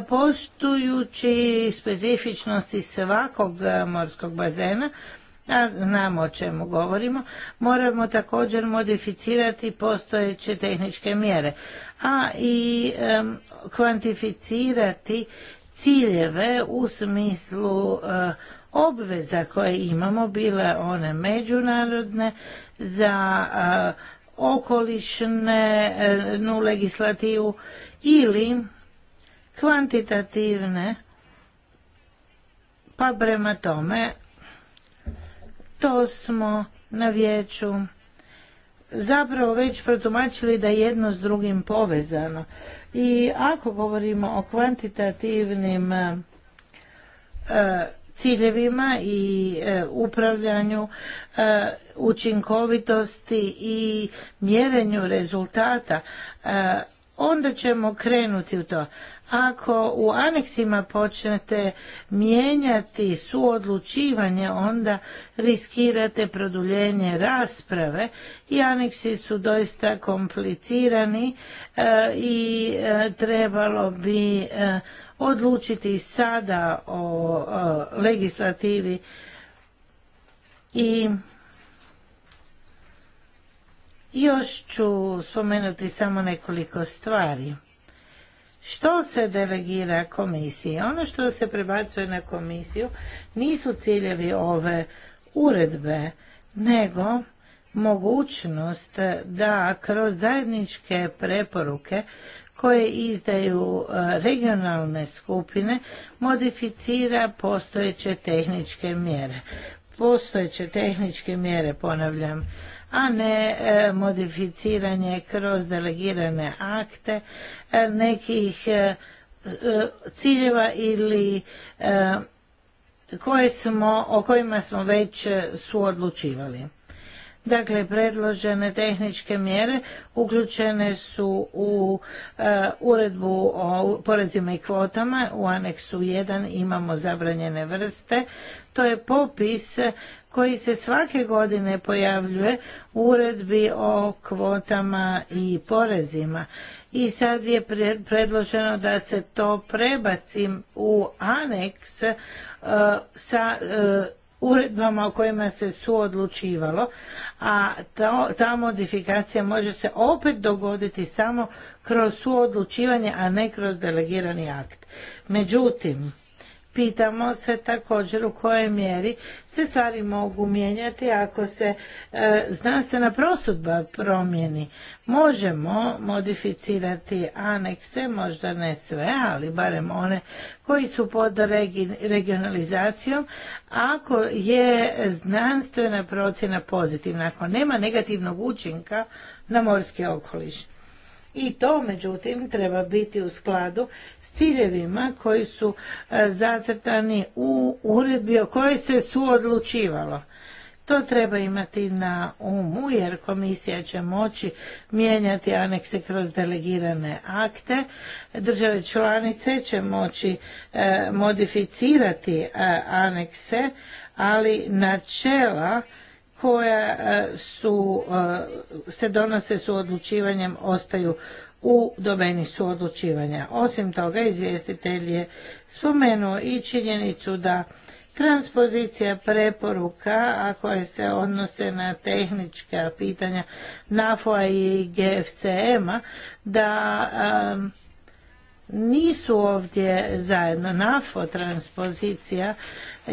poštujući specifičnosti svakog morskog bazena a znamo o čemu govorimo, moramo također modificirati postojeće tehničke mjere, a i kvantificirati ciljeve u smislu obveza koje imamo, bile one međunarodne za okolišnu okolišne e, nu legislativu ili kvantitativne, pa prema tome to smo na vijeću zapravo već protumačili da je jedno s drugim povezano. I ako govorimo o kvantitativnim e, ciljevima i e, upravljanju e, učinkovitosti i mjerenju rezultata e, onda ćemo krenuti u to. Ako u aneksima počnete mijenjati suodlučivanje, onda riskirate produljenje rasprave i aneksi su doista komplicirani i trebalo bi odlučiti sada o legislativi i još ću spomenuti samo nekoliko stvari. Što se delegira komisiji? Ono što se prebacuje na komisiju nisu ciljevi ove uredbe, nego mogućnost da kroz zajedničke preporuke koje izdaju e, regionalne skupine modificira postojeće tehničke mjere. Postojeće tehničke mjere, ponavljam, a ne e, modificiranje kroz delegirane akte e, nekih ciljeva ili koje smo, o kojima smo već suodlučivali. Dakle, predložene tehničke mjere uključene su u e, uredbu o porezima i kvotama. U aneksu 1 imamo zabranjene vrste. To je popis koji se svake godine pojavljuje u uredbi o kvotama i porezima i sad je predloženo da se to prebacim u aneks e, sa e, uredbama o kojima se suodlučivalo, a ta, modifikacija može se opet dogoditi samo kroz suodlučivanje, a ne kroz delegirani akt. Međutim, Pitamo se također u kojoj mjeri se stvari mogu mijenjati ako se e, znanstvena prosudba promijeni. Možemo modificirati anekse, možda ne sve, ali barem one koji su pod regionalizacijom, ako je znanstvena procjena pozitivna, ako nema negativnog učinka na morski okoliš i to međutim treba biti u skladu s ciljevima koji su e, zacrtani u uredbi o kojoj se suodlučivalo. To treba imati na umu jer komisija će moći mijenjati anekse kroz delegirane akte. Države članice će moći e, modificirati e, anekse, ali načela koja e, su, e, se donose su odlučivanjem ostaju u domeni su odlučivanja. Osim toga, izvjestitelj je spomenuo i činjenicu da transpozicija preporuka, a koje se odnose na tehnička pitanja NAFO-a i GFCM-a, da nisu ovdje zajedno NAFO transpozicija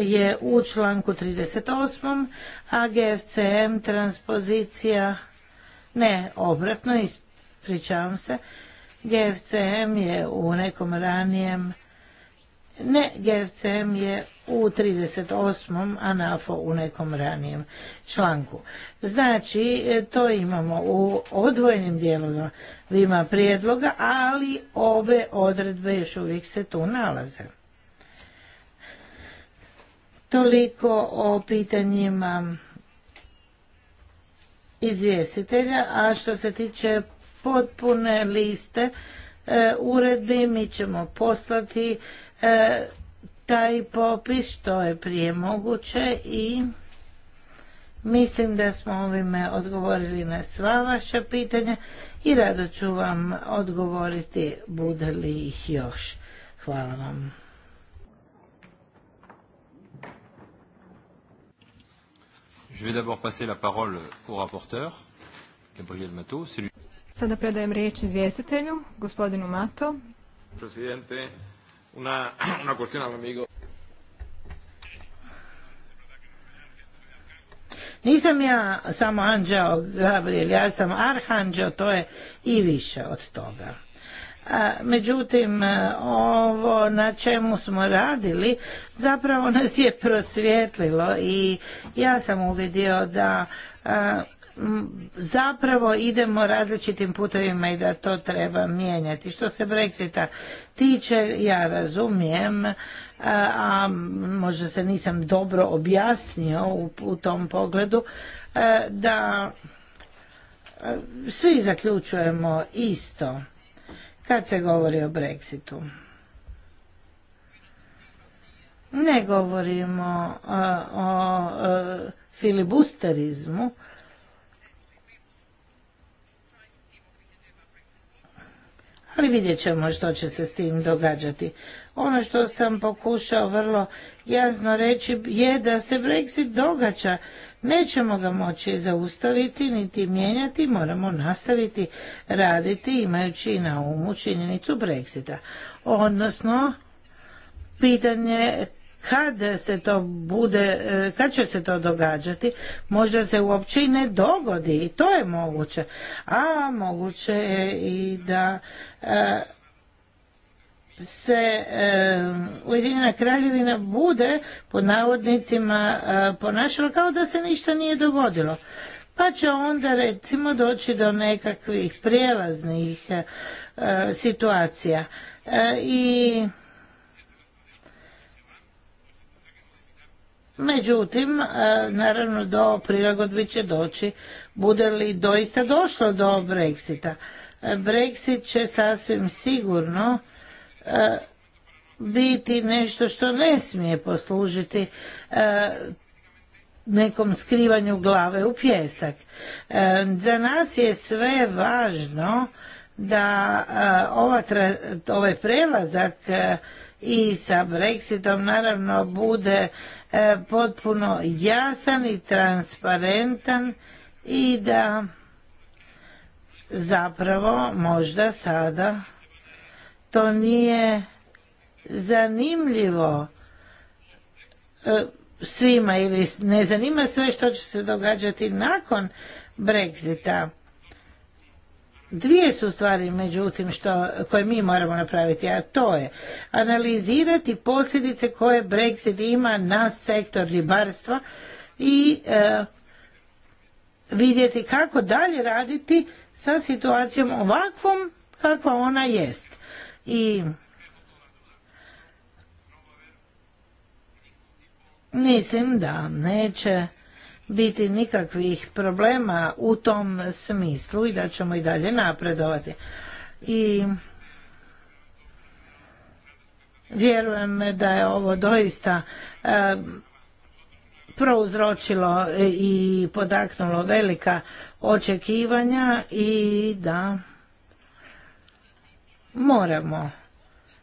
je u članku 38. A GFCM transpozicija, ne, obratno, ispričavam se, GFCM je u nekom ranijem, ne, GFCM je u 38. a NAFO u nekom ranijem članku. Znači, to imamo u odvojenim dijelovima prijedloga, ali ove odredbe još uvijek se tu nalaze. Toliko o pitanjima izvjestitelja, a što se tiče potpune liste e, uredbi mi ćemo poslati e, taj popis što je prije moguće i mislim da smo ovime odgovorili na sva vaša pitanja i rado ću vam odgovoriti bude li ih još. Hvala vam. Je vais d'abord passer la parole au rapporteur, Gabriel Mato. Celui... Sada predajem riječ izvjestitelju, gospodinu Mato. Presidente, una, una cuestión al amigo. Nisam ja samo anđeo Gabriel, ja sam arhanđeo, to je i više od toga. Međutim, e, ovo na čemu smo radili zapravo nas je prosvjetlilo i ja sam uvidio da e, zapravo idemo različitim putovima i da to treba mijenjati. Što se Brexita tiče, ja razumijem, e, a možda se nisam dobro objasnio u, u tom pogledu, da svi zaključujemo isto kad se govori o Brexitu. Ne govorimo o filibusterizmu, ali vidjet ćemo što će se s tim događati. Ono što sam pokušao vrlo jasno reći je da se Brexit događa Nećemo ga moći zaustaviti niti mijenjati, moramo nastaviti raditi imajući na umu činjenicu Brexita. Odnosno, pitanje kada se to bude, kad će se to događati, možda se uopće i ne dogodi i to je moguće. A moguće je i da e, se e, Ujedinjena kraljevina bude pod navodnicima e, kao da se ništa nije dogodilo. Pa će onda recimo doći do nekakvih prijelaznih e, e, situacija. E, I Međutim, naravno do prilagodbi će doći, bude li doista došlo do Brexita. Brexit će sasvim sigurno E, biti nešto što ne smije poslužiti e, nekom skrivanju glave u pjesak. E, za nas je sve važno da ovaj prelazak i sa Brexitom naravno bude potpuno jasan i transparentan i da zapravo možda sada to nije zanimljivo e, svima ili ne zanima sve što će se događati nakon Brexita. Dvije su stvari međutim što, koje mi moramo napraviti, a to je analizirati posljedice koje Brexit ima na sektor ribarstva i e, vidjeti kako dalje raditi sa situacijom ovakvom kakva ona jest i mislim da neće biti nikakvih problema u tom smislu i da ćemo i dalje napredovati. I vjerujem da je ovo doista e, prouzročilo i podaknulo velika očekivanja i da moramo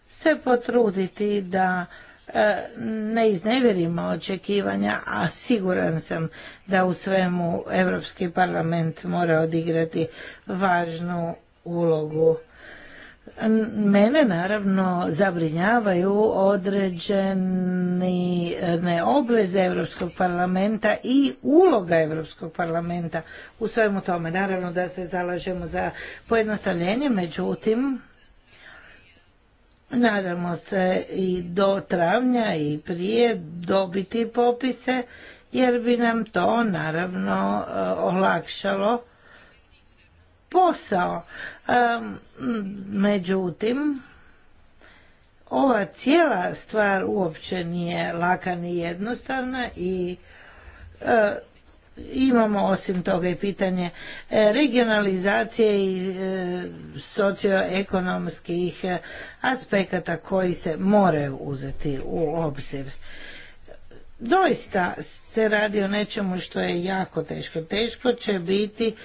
se potruditi da e, ne izneverimo očekivanja, a siguran sam da u svemu Europski parlament mora odigrati važnu ulogu. Mene naravno zabrinjavaju određene obveze Europskog parlamenta i uloga Europskog parlamenta u svemu tome. Naravno da se zalažemo za pojednostavljenje, međutim Nadamo se i do travnja i prije dobiti popise jer bi nam to naravno eh, olakšalo posao. Međutim, ova cijela stvar uopće nije laka ni jednostavna i eh, Imamo osim toga i pitanje e, regionalizacije i e, socioekonomskih e, aspekata koji se moraju uzeti u obzir. Doista se radi o nečemu što je jako teško. Teško će biti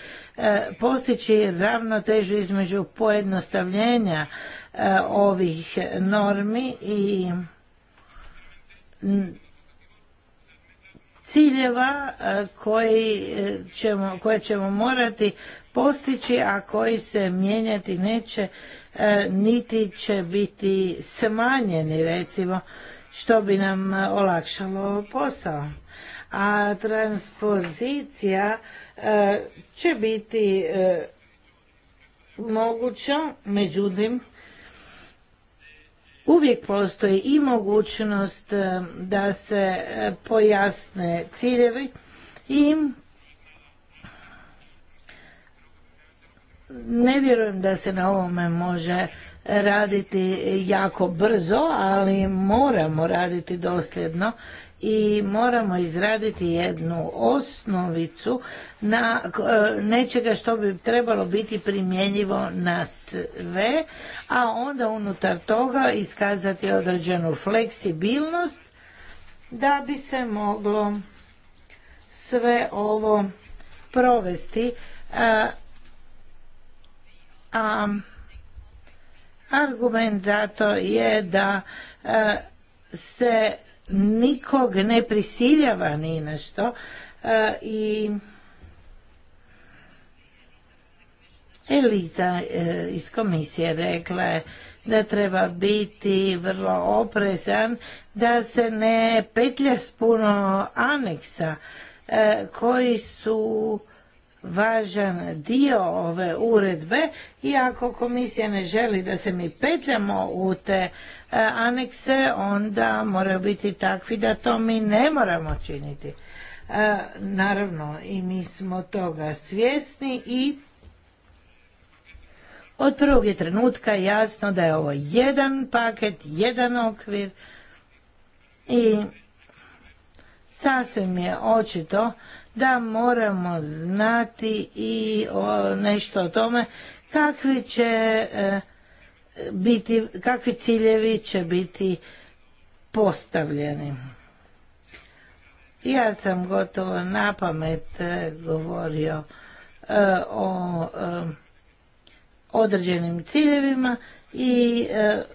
postići ravnotežu između pojednostavljenja ovih normi i ciljeva e, e, koje ćemo morati postići, a koji se mijenjati neće, e, niti će biti smanjeni recimo, što bi nam olakšalo posao. A transpozicija će biti moguća, međutim, uvijek postoji i mogućnost e, da se e, pojasne ciljevi i ne vjerujem da se na ovome može raditi jako brzo, ali moramo raditi dosljedno i moramo izraditi jednu osnovicu na e, nečega što bi trebalo biti primjenjivo na sve, a onda unutar toga iskazati određenu fleksibilnost da bi se moglo sve ovo provesti. E, a, argument zato je da e, se nikog ne prisiljava ni na što e, i Eliza e, iz komisije rekla je da treba biti vrlo oprezan da se ne petlja s puno aneksa e, koji su važan dio ove uredbe i ako komisija ne želi da se mi petljamo u te e, anekse onda moraju biti takvi da to mi ne moramo činiti. E, naravno i mi smo toga svjesni i od prvog je trenutka jasno da je ovo jedan paket, jedan okvir i sasvim je očito da moramo znati i o, nešto o tome kakvi će e, biti, kakvi ciljevi će biti postavljeni. Ja sam gotovo na pamet e, govorio e, o određenim ciljevima i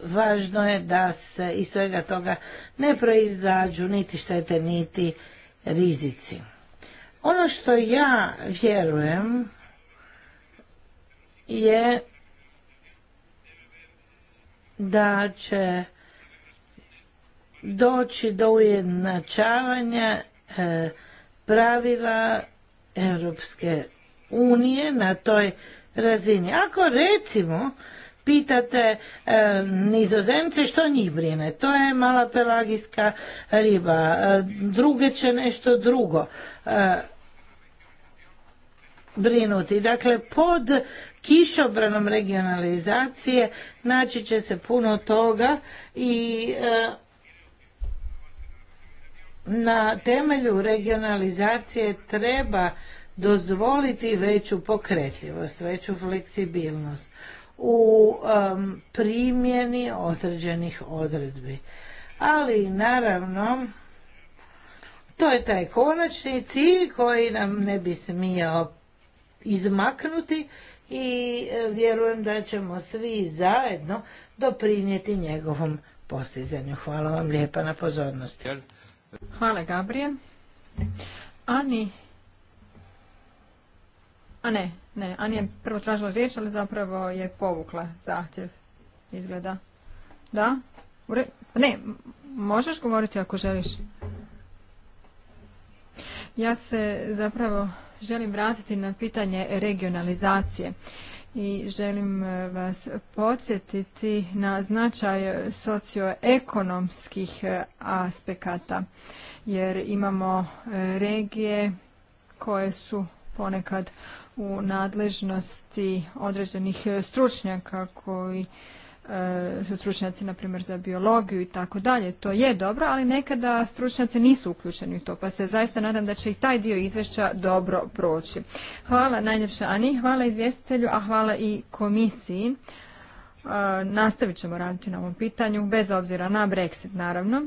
važno je da se iz svega toga ne proizdađu niti štete, niti rizici. Ono što ja vjerujem je da će doći do ujednačavanja e, pravila Europske unije na toj razini. Ako recimo pitate e, nizozemce što njih brine, to je mala pelagijska riba, e, druge će nešto drugo brinuti. Dakle, pod kišobranom regionalizacije naći će se puno toga i e, na temelju regionalizacije treba dozvoliti veću pokretljivost, veću fleksibilnost u e, primjeni određenih odredbi. Ali naravno, to je taj konačni cilj koji nam ne bi smijao izmaknuti i e, vjerujem da ćemo svi zajedno doprinijeti njegovom postizanju. Hvala vam lijepa na pozornosti. Hvala Gabriel. Ani, a ne, ne, Ani je prvo tražila riječ, ali zapravo je povukla zahtjev, izgleda. Da? Ne, možeš govoriti ako želiš. Ja se zapravo želim vratiti na pitanje regionalizacije i želim e, vas podsjetiti na značaj socioekonomskih e, aspekata jer imamo e, regije koje su ponekad u nadležnosti određenih stručnjaka koji E, stručnjaci na primjer za biologiju i tako dalje to je dobro ali nekada stručnjaci nisu uključeni u to pa se zaista nadam da će i taj dio izvješća dobro proći hvala najljepša ani hvala izvjestitelju a hvala i komisiji e, nastavit ćemo raditi na ovom pitanju bez obzira na brexit naravno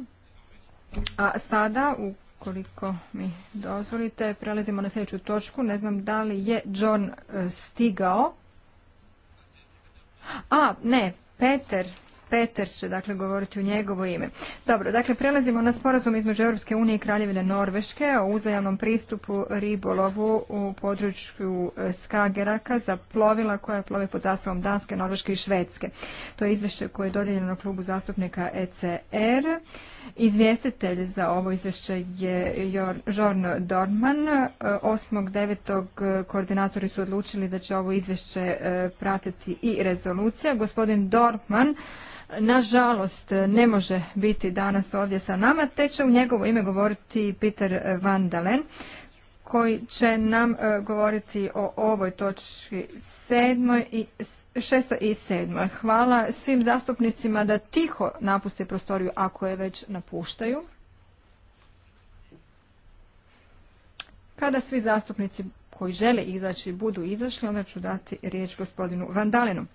a sada ukoliko mi dozvolite prelazimo na sljedeću točku ne znam da li je john e, stigao a ne Peter Peter će dakle govoriti u njegovo ime. Dobro, dakle prelazimo na sporazum između Europske unije i Kraljevine Norveške o uzajamnom pristupu ribolovu u području e, Skageraka za plovila koja plove pod zastavom Danske, Norveške i Švedske. To je izvješće koje je dodijeljeno klubu zastupnika ECR. Izvjestitelj za ovo izvješće je Žorn Dorman. 8.9. E, koordinatori su odlučili da će ovo izvješće e, pratiti i rezolucija. Gospodin Dorman nažalost ne može biti danas ovdje sa nama, te će u njegovo ime govoriti Peter e, Vandalen koji će nam govoriti o ovoj točki sedmoj i i sedmo. Hvala svim zastupnicima da tiho napuste prostoriju ako je već napuštaju. Kada svi zastupnici koji žele izaći budu izašli, onda ću dati riječ gospodinu Vandalinu.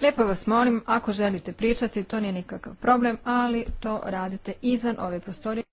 Lijepo vas molim, ako želite pričati, to nije nikakav problem, ali to radite izvan ove prostorije.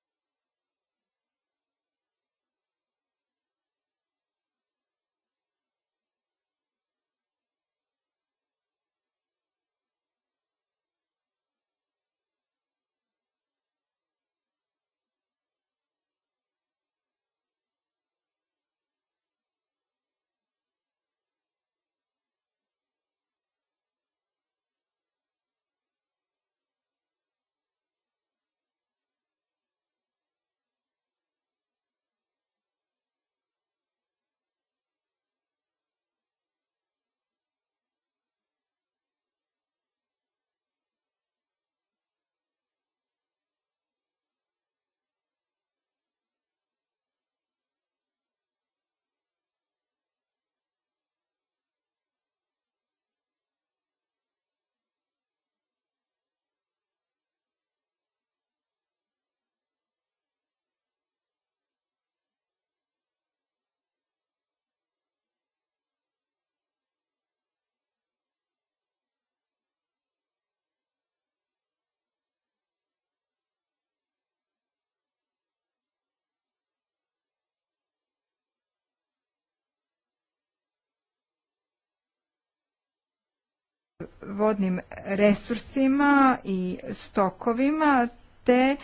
vodnim resursima i stokovima te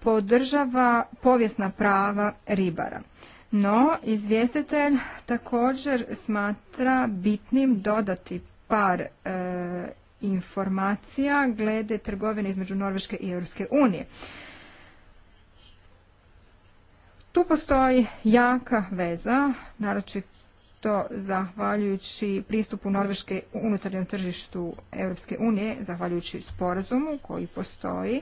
podržava povijesna prava ribara. No, izvjestitelj također smatra bitnim dodati par e, informacija glede trgovine između Norveške i Europske unije. Tu postoji jaka veza, naročito što zahvaljujući pristupu Norveške unutarnjem tržištu Europske unije, zahvaljujući sporazumu koji postoji,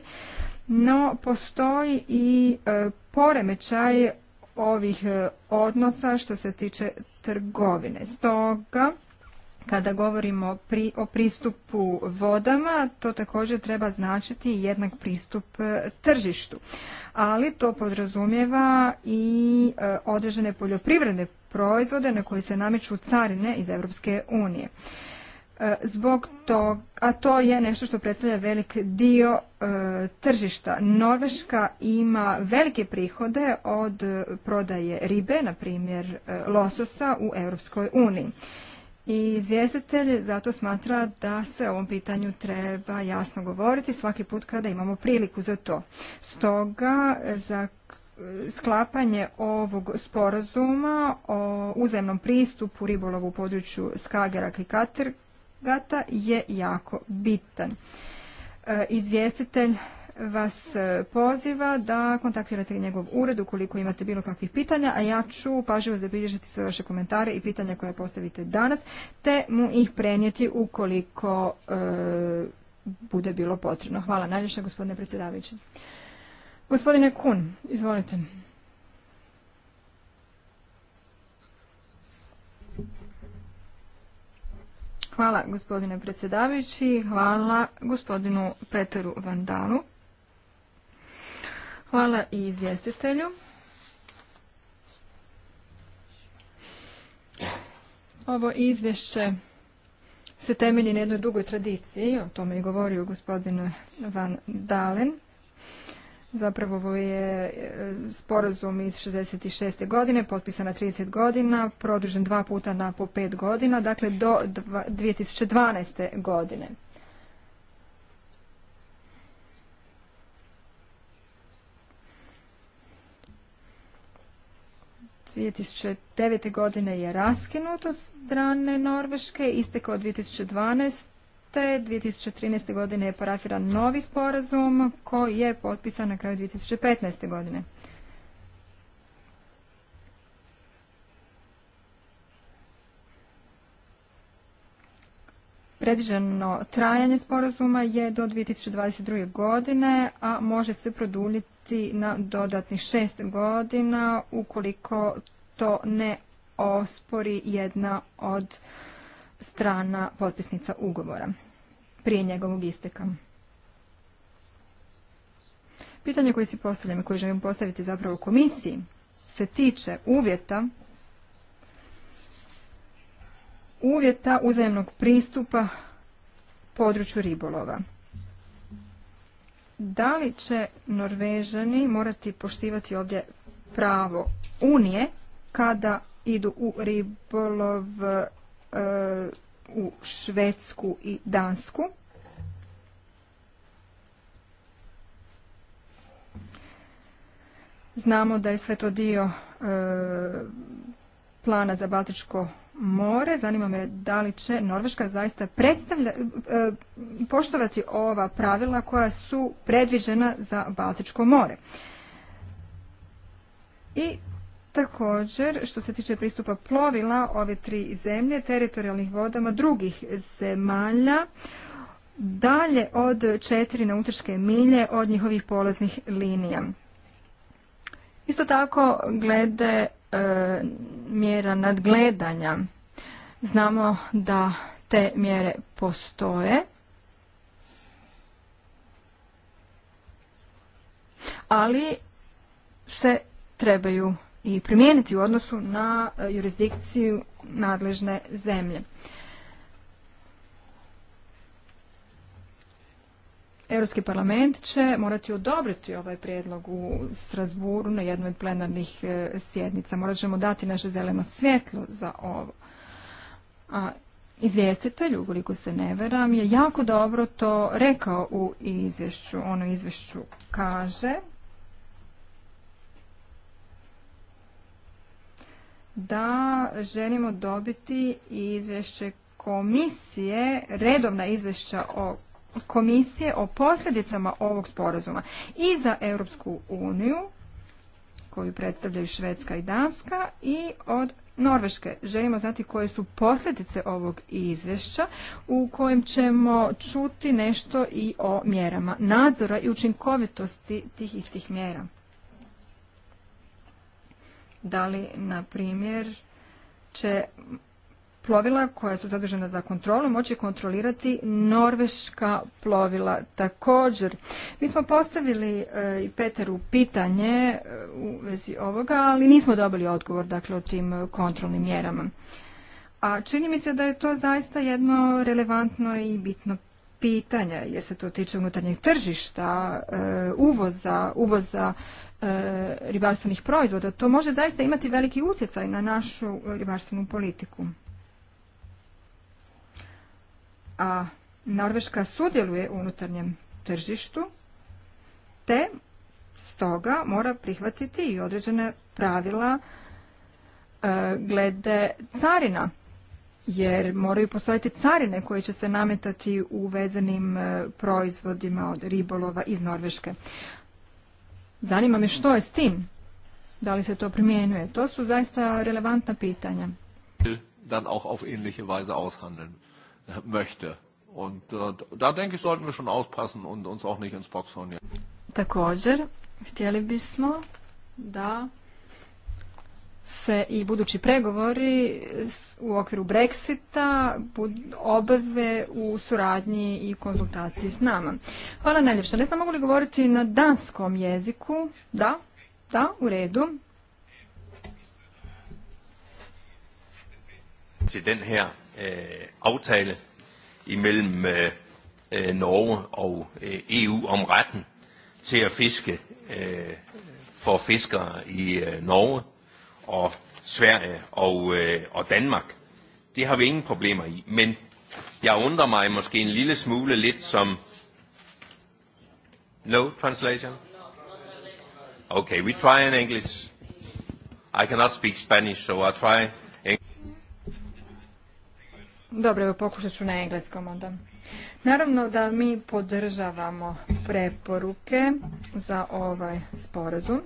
no postoji i e, poremećaj ovih e, odnosa što se tiče trgovine. Stoga, kada govorimo o pristupu vodama, to također treba značiti jednak pristup e, tržištu. Ali to podrazumijeva i određene poljoprivredne proizvode na koji se nameću carine iz Europske unije. E, zbog toga, a to je nešto što predstavlja velik dio e, tržišta. Norveška ima velike prihode od prodaje ribe, na primjer e, lososa u Europskoj uniji. I izvjestitelj zato smatra da se o ovom pitanju treba jasno govoriti svaki put kada imamo priliku za to. Stoga za sklapanje ovog sporazuma o uzemnom pristupu ribolovu u području Skagerak i Katergata je jako bitan. E, izvjestitelj vas poziva da kontaktirate njegov ured ukoliko imate bilo kakvih pitanja, a ja ću pažljivo zabilježiti sve vaše komentare i pitanja koje postavite danas, te mu ih prenijeti ukoliko e, bude bilo potrebno. Hvala najljepša gospodine predsjedavajući. Gospodine Kun, izvolite. Hvala gospodine predsjedavajući, hvala gospodinu Peteru Vandalu. Hvala i izvjestitelju. Ovo izvješće se temelji na jednoj dugoj tradiciji, o tome je govorio gospodin Van Dalen. Zapravo je e, sporazum iz 66. godine, potpisan na 30 godina, produžen dva puta na po pet godina, dakle do 2012. godine. ...2009. godine je raskinuto strane Norveške, istekao 2012. 2013. godine je parafiran novi sporazum koji je potpisan na kraju 2015. godine. Predviđeno trajanje sporazuma je do 2022. godine, a može se produljiti na dodatnih šest godina ukoliko to ne ospori jedna od strana potpisnica ugovora prije njegovog isteka. Pitanje koje si postavljam i koje želim postaviti zapravo komisiji se tiče uvjeta uvjeta uzajemnog pristupa području ribolova. Da li će Norvežani morati poštivati ovdje pravo Unije kada idu u ribolov u Švedsku i Dansku. Znamo da je sve to dio e, plana za Baltičko more. Zanima me da li će Norveška zaista predstavlja, e, poštovati ova pravila koja su predviđena za Baltičko more. I Također, što se tiče pristupa plovila ove tri zemlje, teritorijalnih vodama drugih zemalja, dalje od četiri nautičke milje od njihovih polaznih linija. Isto tako, glede e, mjera nadgledanja, znamo da te mjere postoje, ali se trebaju i primijeniti u odnosu na e, jurisdikciju nadležne zemlje. Europski parlament će morati odobriti ovaj prijedlog u Strasburu na jednoj od plenarnih e, sjednica. Morat ćemo dati naše zeleno svjetlo za ovo. A izvjestitelj, ukoliko se ne veram, je jako dobro to rekao u izvješću. Ono izvješću kaže da želimo dobiti izvješće komisije, redovna izvješća o komisije o posljedicama ovog sporazuma i za Europsku uniju koju predstavljaju Švedska i Danska i od Norveške. Želimo znati koje su posljedice ovog izvješća u kojem ćemo čuti nešto i o mjerama nadzora i učinkovitosti tih istih mjera da li, na primjer, će plovila koja su zadržena za kontrolu moći kontrolirati norveška plovila također. Mi smo postavili e, i Peteru pitanje e, u vezi ovoga, ali nismo dobili odgovor dakle, o tim kontrolnim mjerama. A čini mi se da je to zaista jedno relevantno i bitno pitanje, jer se to tiče unutarnjeg tržišta, e, uvoza, uvoza E, ribarstvenih proizvoda, to može zaista imati veliki utjecaj na našu ribarstvenu politiku. A Norveška sudjeluje u unutarnjem tržištu, te stoga mora prihvatiti i određene pravila e, glede carina, jer moraju postojati carine koje će se nametati u vezanim e, proizvodima od ribolova iz Norveške. Zanima me što je s tim? Da li se to primjenjuje? To su zaista relevantna pitanja. Dann auch auf ähnliche Weise aushandeln äh, möchte. Und äh, da denke ich, sollten wir schon aufpassen und uns auch nicht ins Boxhorn. Također, htjeli bismo da se i budući pregovori u okviru Brexita obave u suradnji i konzultaciji s nama. Hvala najljepša. Ne znam mogu li govoriti na danskom jeziku? Da, da, u redu. Til den her eh, avtale eh, eh, Norge og EU eh, e om retten til at fiske for fiskere i Norge og Sverige og, øh, og Danmark. Det har vi ingen problemer i, men jeg undrer mig måske en lille smule lidt som... No translation? Okay, we try in English. I cannot speak Spanish, so I try. Dobro, pokušat ću na engleskom onda. Naravno da mi podržavamo preporuke za ovaj sporazum.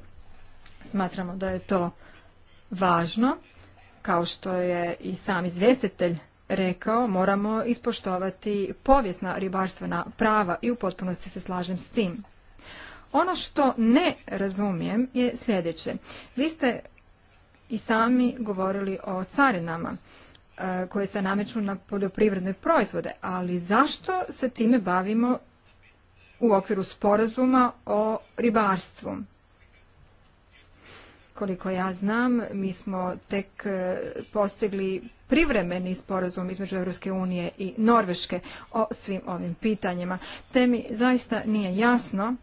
Smatramo da je to važno. Kao što je i sam izvjestitelj rekao, moramo ispoštovati povijesna ribarstvena prava i u potpunosti se slažem s tim. Ono što ne razumijem je sljedeće. Vi ste i sami govorili o carinama e, koje se nameću na poljoprivredne proizvode, ali zašto se time bavimo u okviru sporazuma o ribarstvu? koliko ja znam, mi smo tek e, postigli privremeni sporazum između Europske unije i Norveške o svim ovim pitanjima. Te mi zaista nije jasno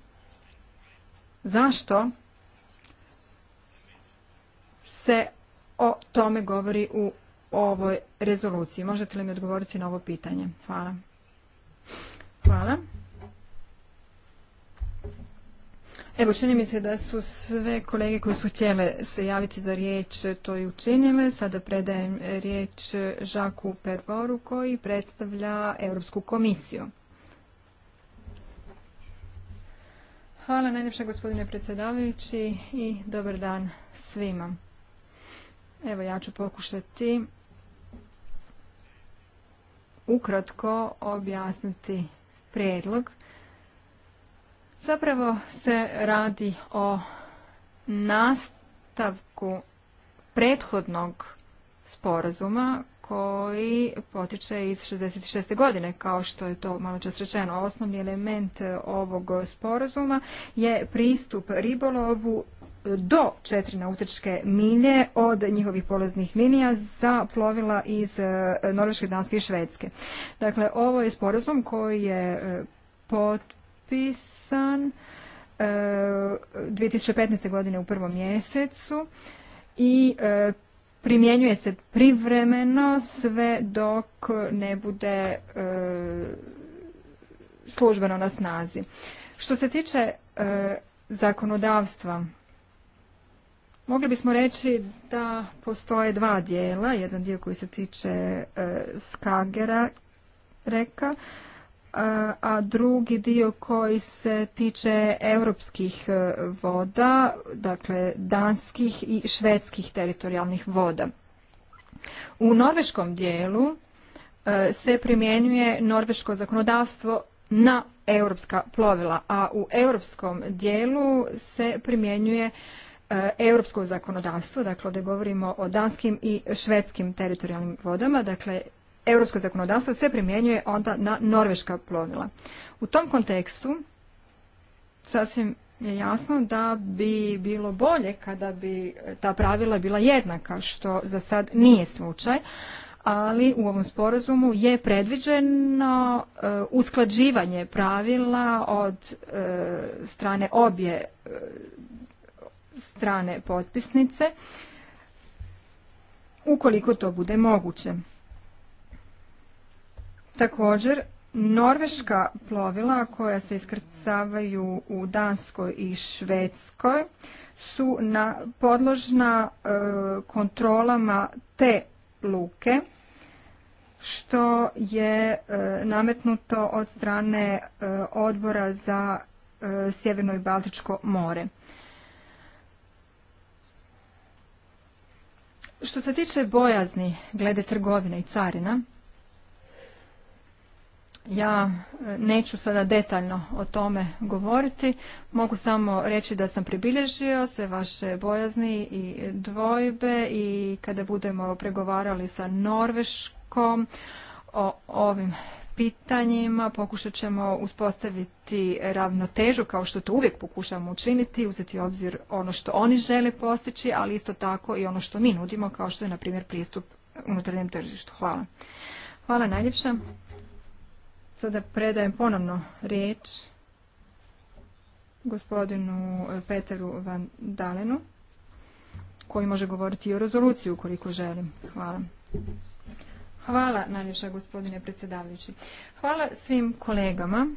zašto se o tome govori u ovoj rezoluciji. Možete li mi odgovoriti na ovo pitanje? Hvala. Hvala. Evo, čini mi se da su sve kolege koji su htjele se javiti za riječ to i učinile. Sada predajem riječ Žaku Pervoru koji predstavlja Europsku komisiju. Hvala najljepša gospodine predsjedavajući i dobar dan svima. Evo ja ću pokušati ukratko objasniti prijedlog Zapravo se radi o nastavku prethodnog sporazuma koji potiče iz 66. godine, kao što je to malo čas rečeno. Osnovni element ovog sporazuma je pristup ribolovu do četiri nautičke milje od njihovih polaznih linija za plovila iz e, Norveške, Danske i Švedske. Dakle, ovo je sporazum koji je e, pod potpisan 2015. E, godine u prvom mjesecu i e, primjenjuje se privremeno sve dok ne bude e, službeno na snazi. Što se tiče zakonodavstva, mogli bismo reći da postoje dva dijela, jedan dio koji se tiče skagera reka a drugi dio koji se tiče europskih e, voda, dakle danskih i švedskih teritorijalnih voda. U norveškom dijelu e, se primjenjuje norveško zakonodavstvo na europska plovila, a u europskom dijelu se primjenjuje e, europsko zakonodavstvo, dakle ovdje govorimo o danskim i švedskim teritorijalnim vodama, dakle europsko zakonodavstvo se primjenjuje onda na norveška plovila. U tom kontekstu sasvim je jasno da bi bilo bolje kada bi ta pravila bila jednaka, što za sad nije slučaj, ali u ovom sporazumu je predviđeno e, usklađivanje pravila od e, strane obje e, strane potpisnice, ukoliko to bude moguće. Također, norveška plovila koja se iskrcavaju u Danskoj i Švedskoj su na podložna e, kontrolama te luke što je e, nametnuto od strane e, odbora za Sjeverno i Baltičko more. Što se tiče bojazni glede trgovine i carina, ja e, neću sada detaljno o tome govoriti, mogu samo reći da sam pribilježio sve vaše bojazni i dvojbe i kada budemo pregovarali sa Norveškom o ovim pitanjima pokušat ćemo uspostaviti ravnotežu kao što to uvijek pokušamo učiniti, uzeti u obzir ono što oni žele postići, ali isto tako i ono što mi nudimo kao što je na primjer pristup unutarnjem tržištu. Hvala. Hvala najljepša. Sada predajem ponovno riječ gospodinu e, Peteru Van Dalenu koji može govoriti i o rezoluciji koliko želim. Hvala. Hvala najljepša gospodine predsjedavajući. Hvala svim kolegama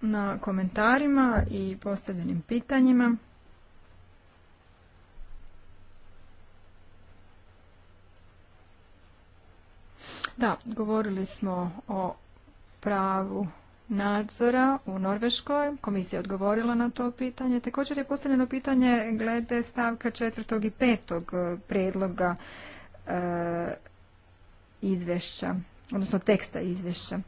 na komentarima i postavljenim pitanjima. Da, govorili smo o pravu nadzora u Norveškoj. Komisija je odgovorila na to pitanje. Također je postavljeno pitanje glede stavka četvrtog i petog e, predloga e, izvješća, odnosno teksta izvješća.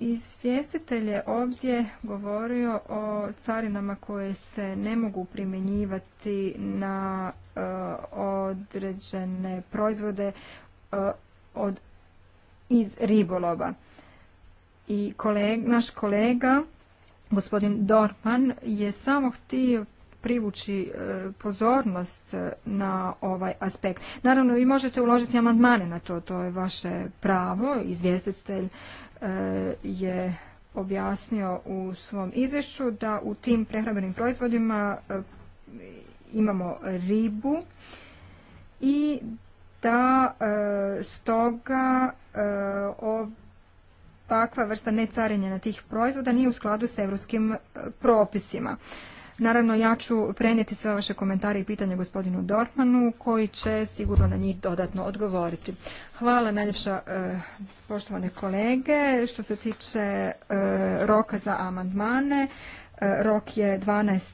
Izvjestitelj je ovdje govorio o carinama koje se ne mogu primjenjivati na e, određene proizvode od, iz ribolova. I koleg, naš kolega, gospodin dorpan je samo htio privući e, pozornost e, na ovaj aspekt. Naravno, vi možete uložiti amandmane na to, to je vaše pravo. Izvjestitelj e, je objasnio u svom izvješću da u tim prehrambenim proizvodima imamo ribu i da e, stoga e, ovakva vrsta na tih proizvoda nije u skladu s europskim e, propisima. Naravno, ja ću prenijeti sve vaše komentare i pitanje gospodinu Dortmanu, koji će sigurno na njih dodatno odgovoriti. Hvala najljepša poštovane kolege. Što se tiče roka za amandmane, E, rok je 12.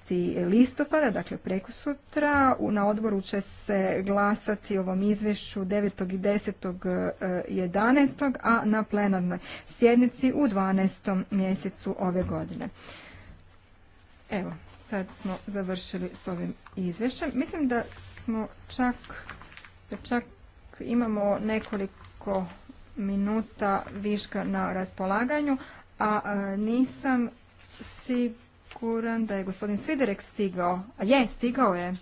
listopada, dakle preko sutra. Na odboru će se glasati ovom izvješću 9. i 10. 11. E, a na plenarnoj sjednici u 12. mjesecu ove godine. Evo, sad smo završili s ovim izvješćem. Mislim da smo čak, čak imamo nekoliko minuta viška na raspolaganju, a e, nisam si siguran da je gospodin Sviderek stigao. A je, stigao je.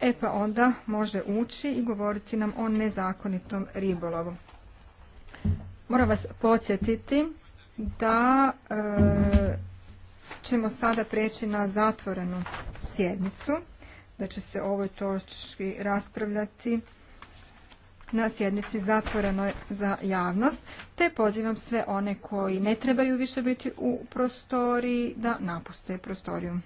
E pa onda može ući i govoriti nam o nezakonitom ribolovu. Moram vas podsjetiti da e, ćemo sada preći na zatvorenu sjednicu, da će se ovoj točki raspravljati na sjednici zatvorenoj za javnost, te pozivam sve one koji ne trebaju više biti u prostoriji da napuste prostoriju.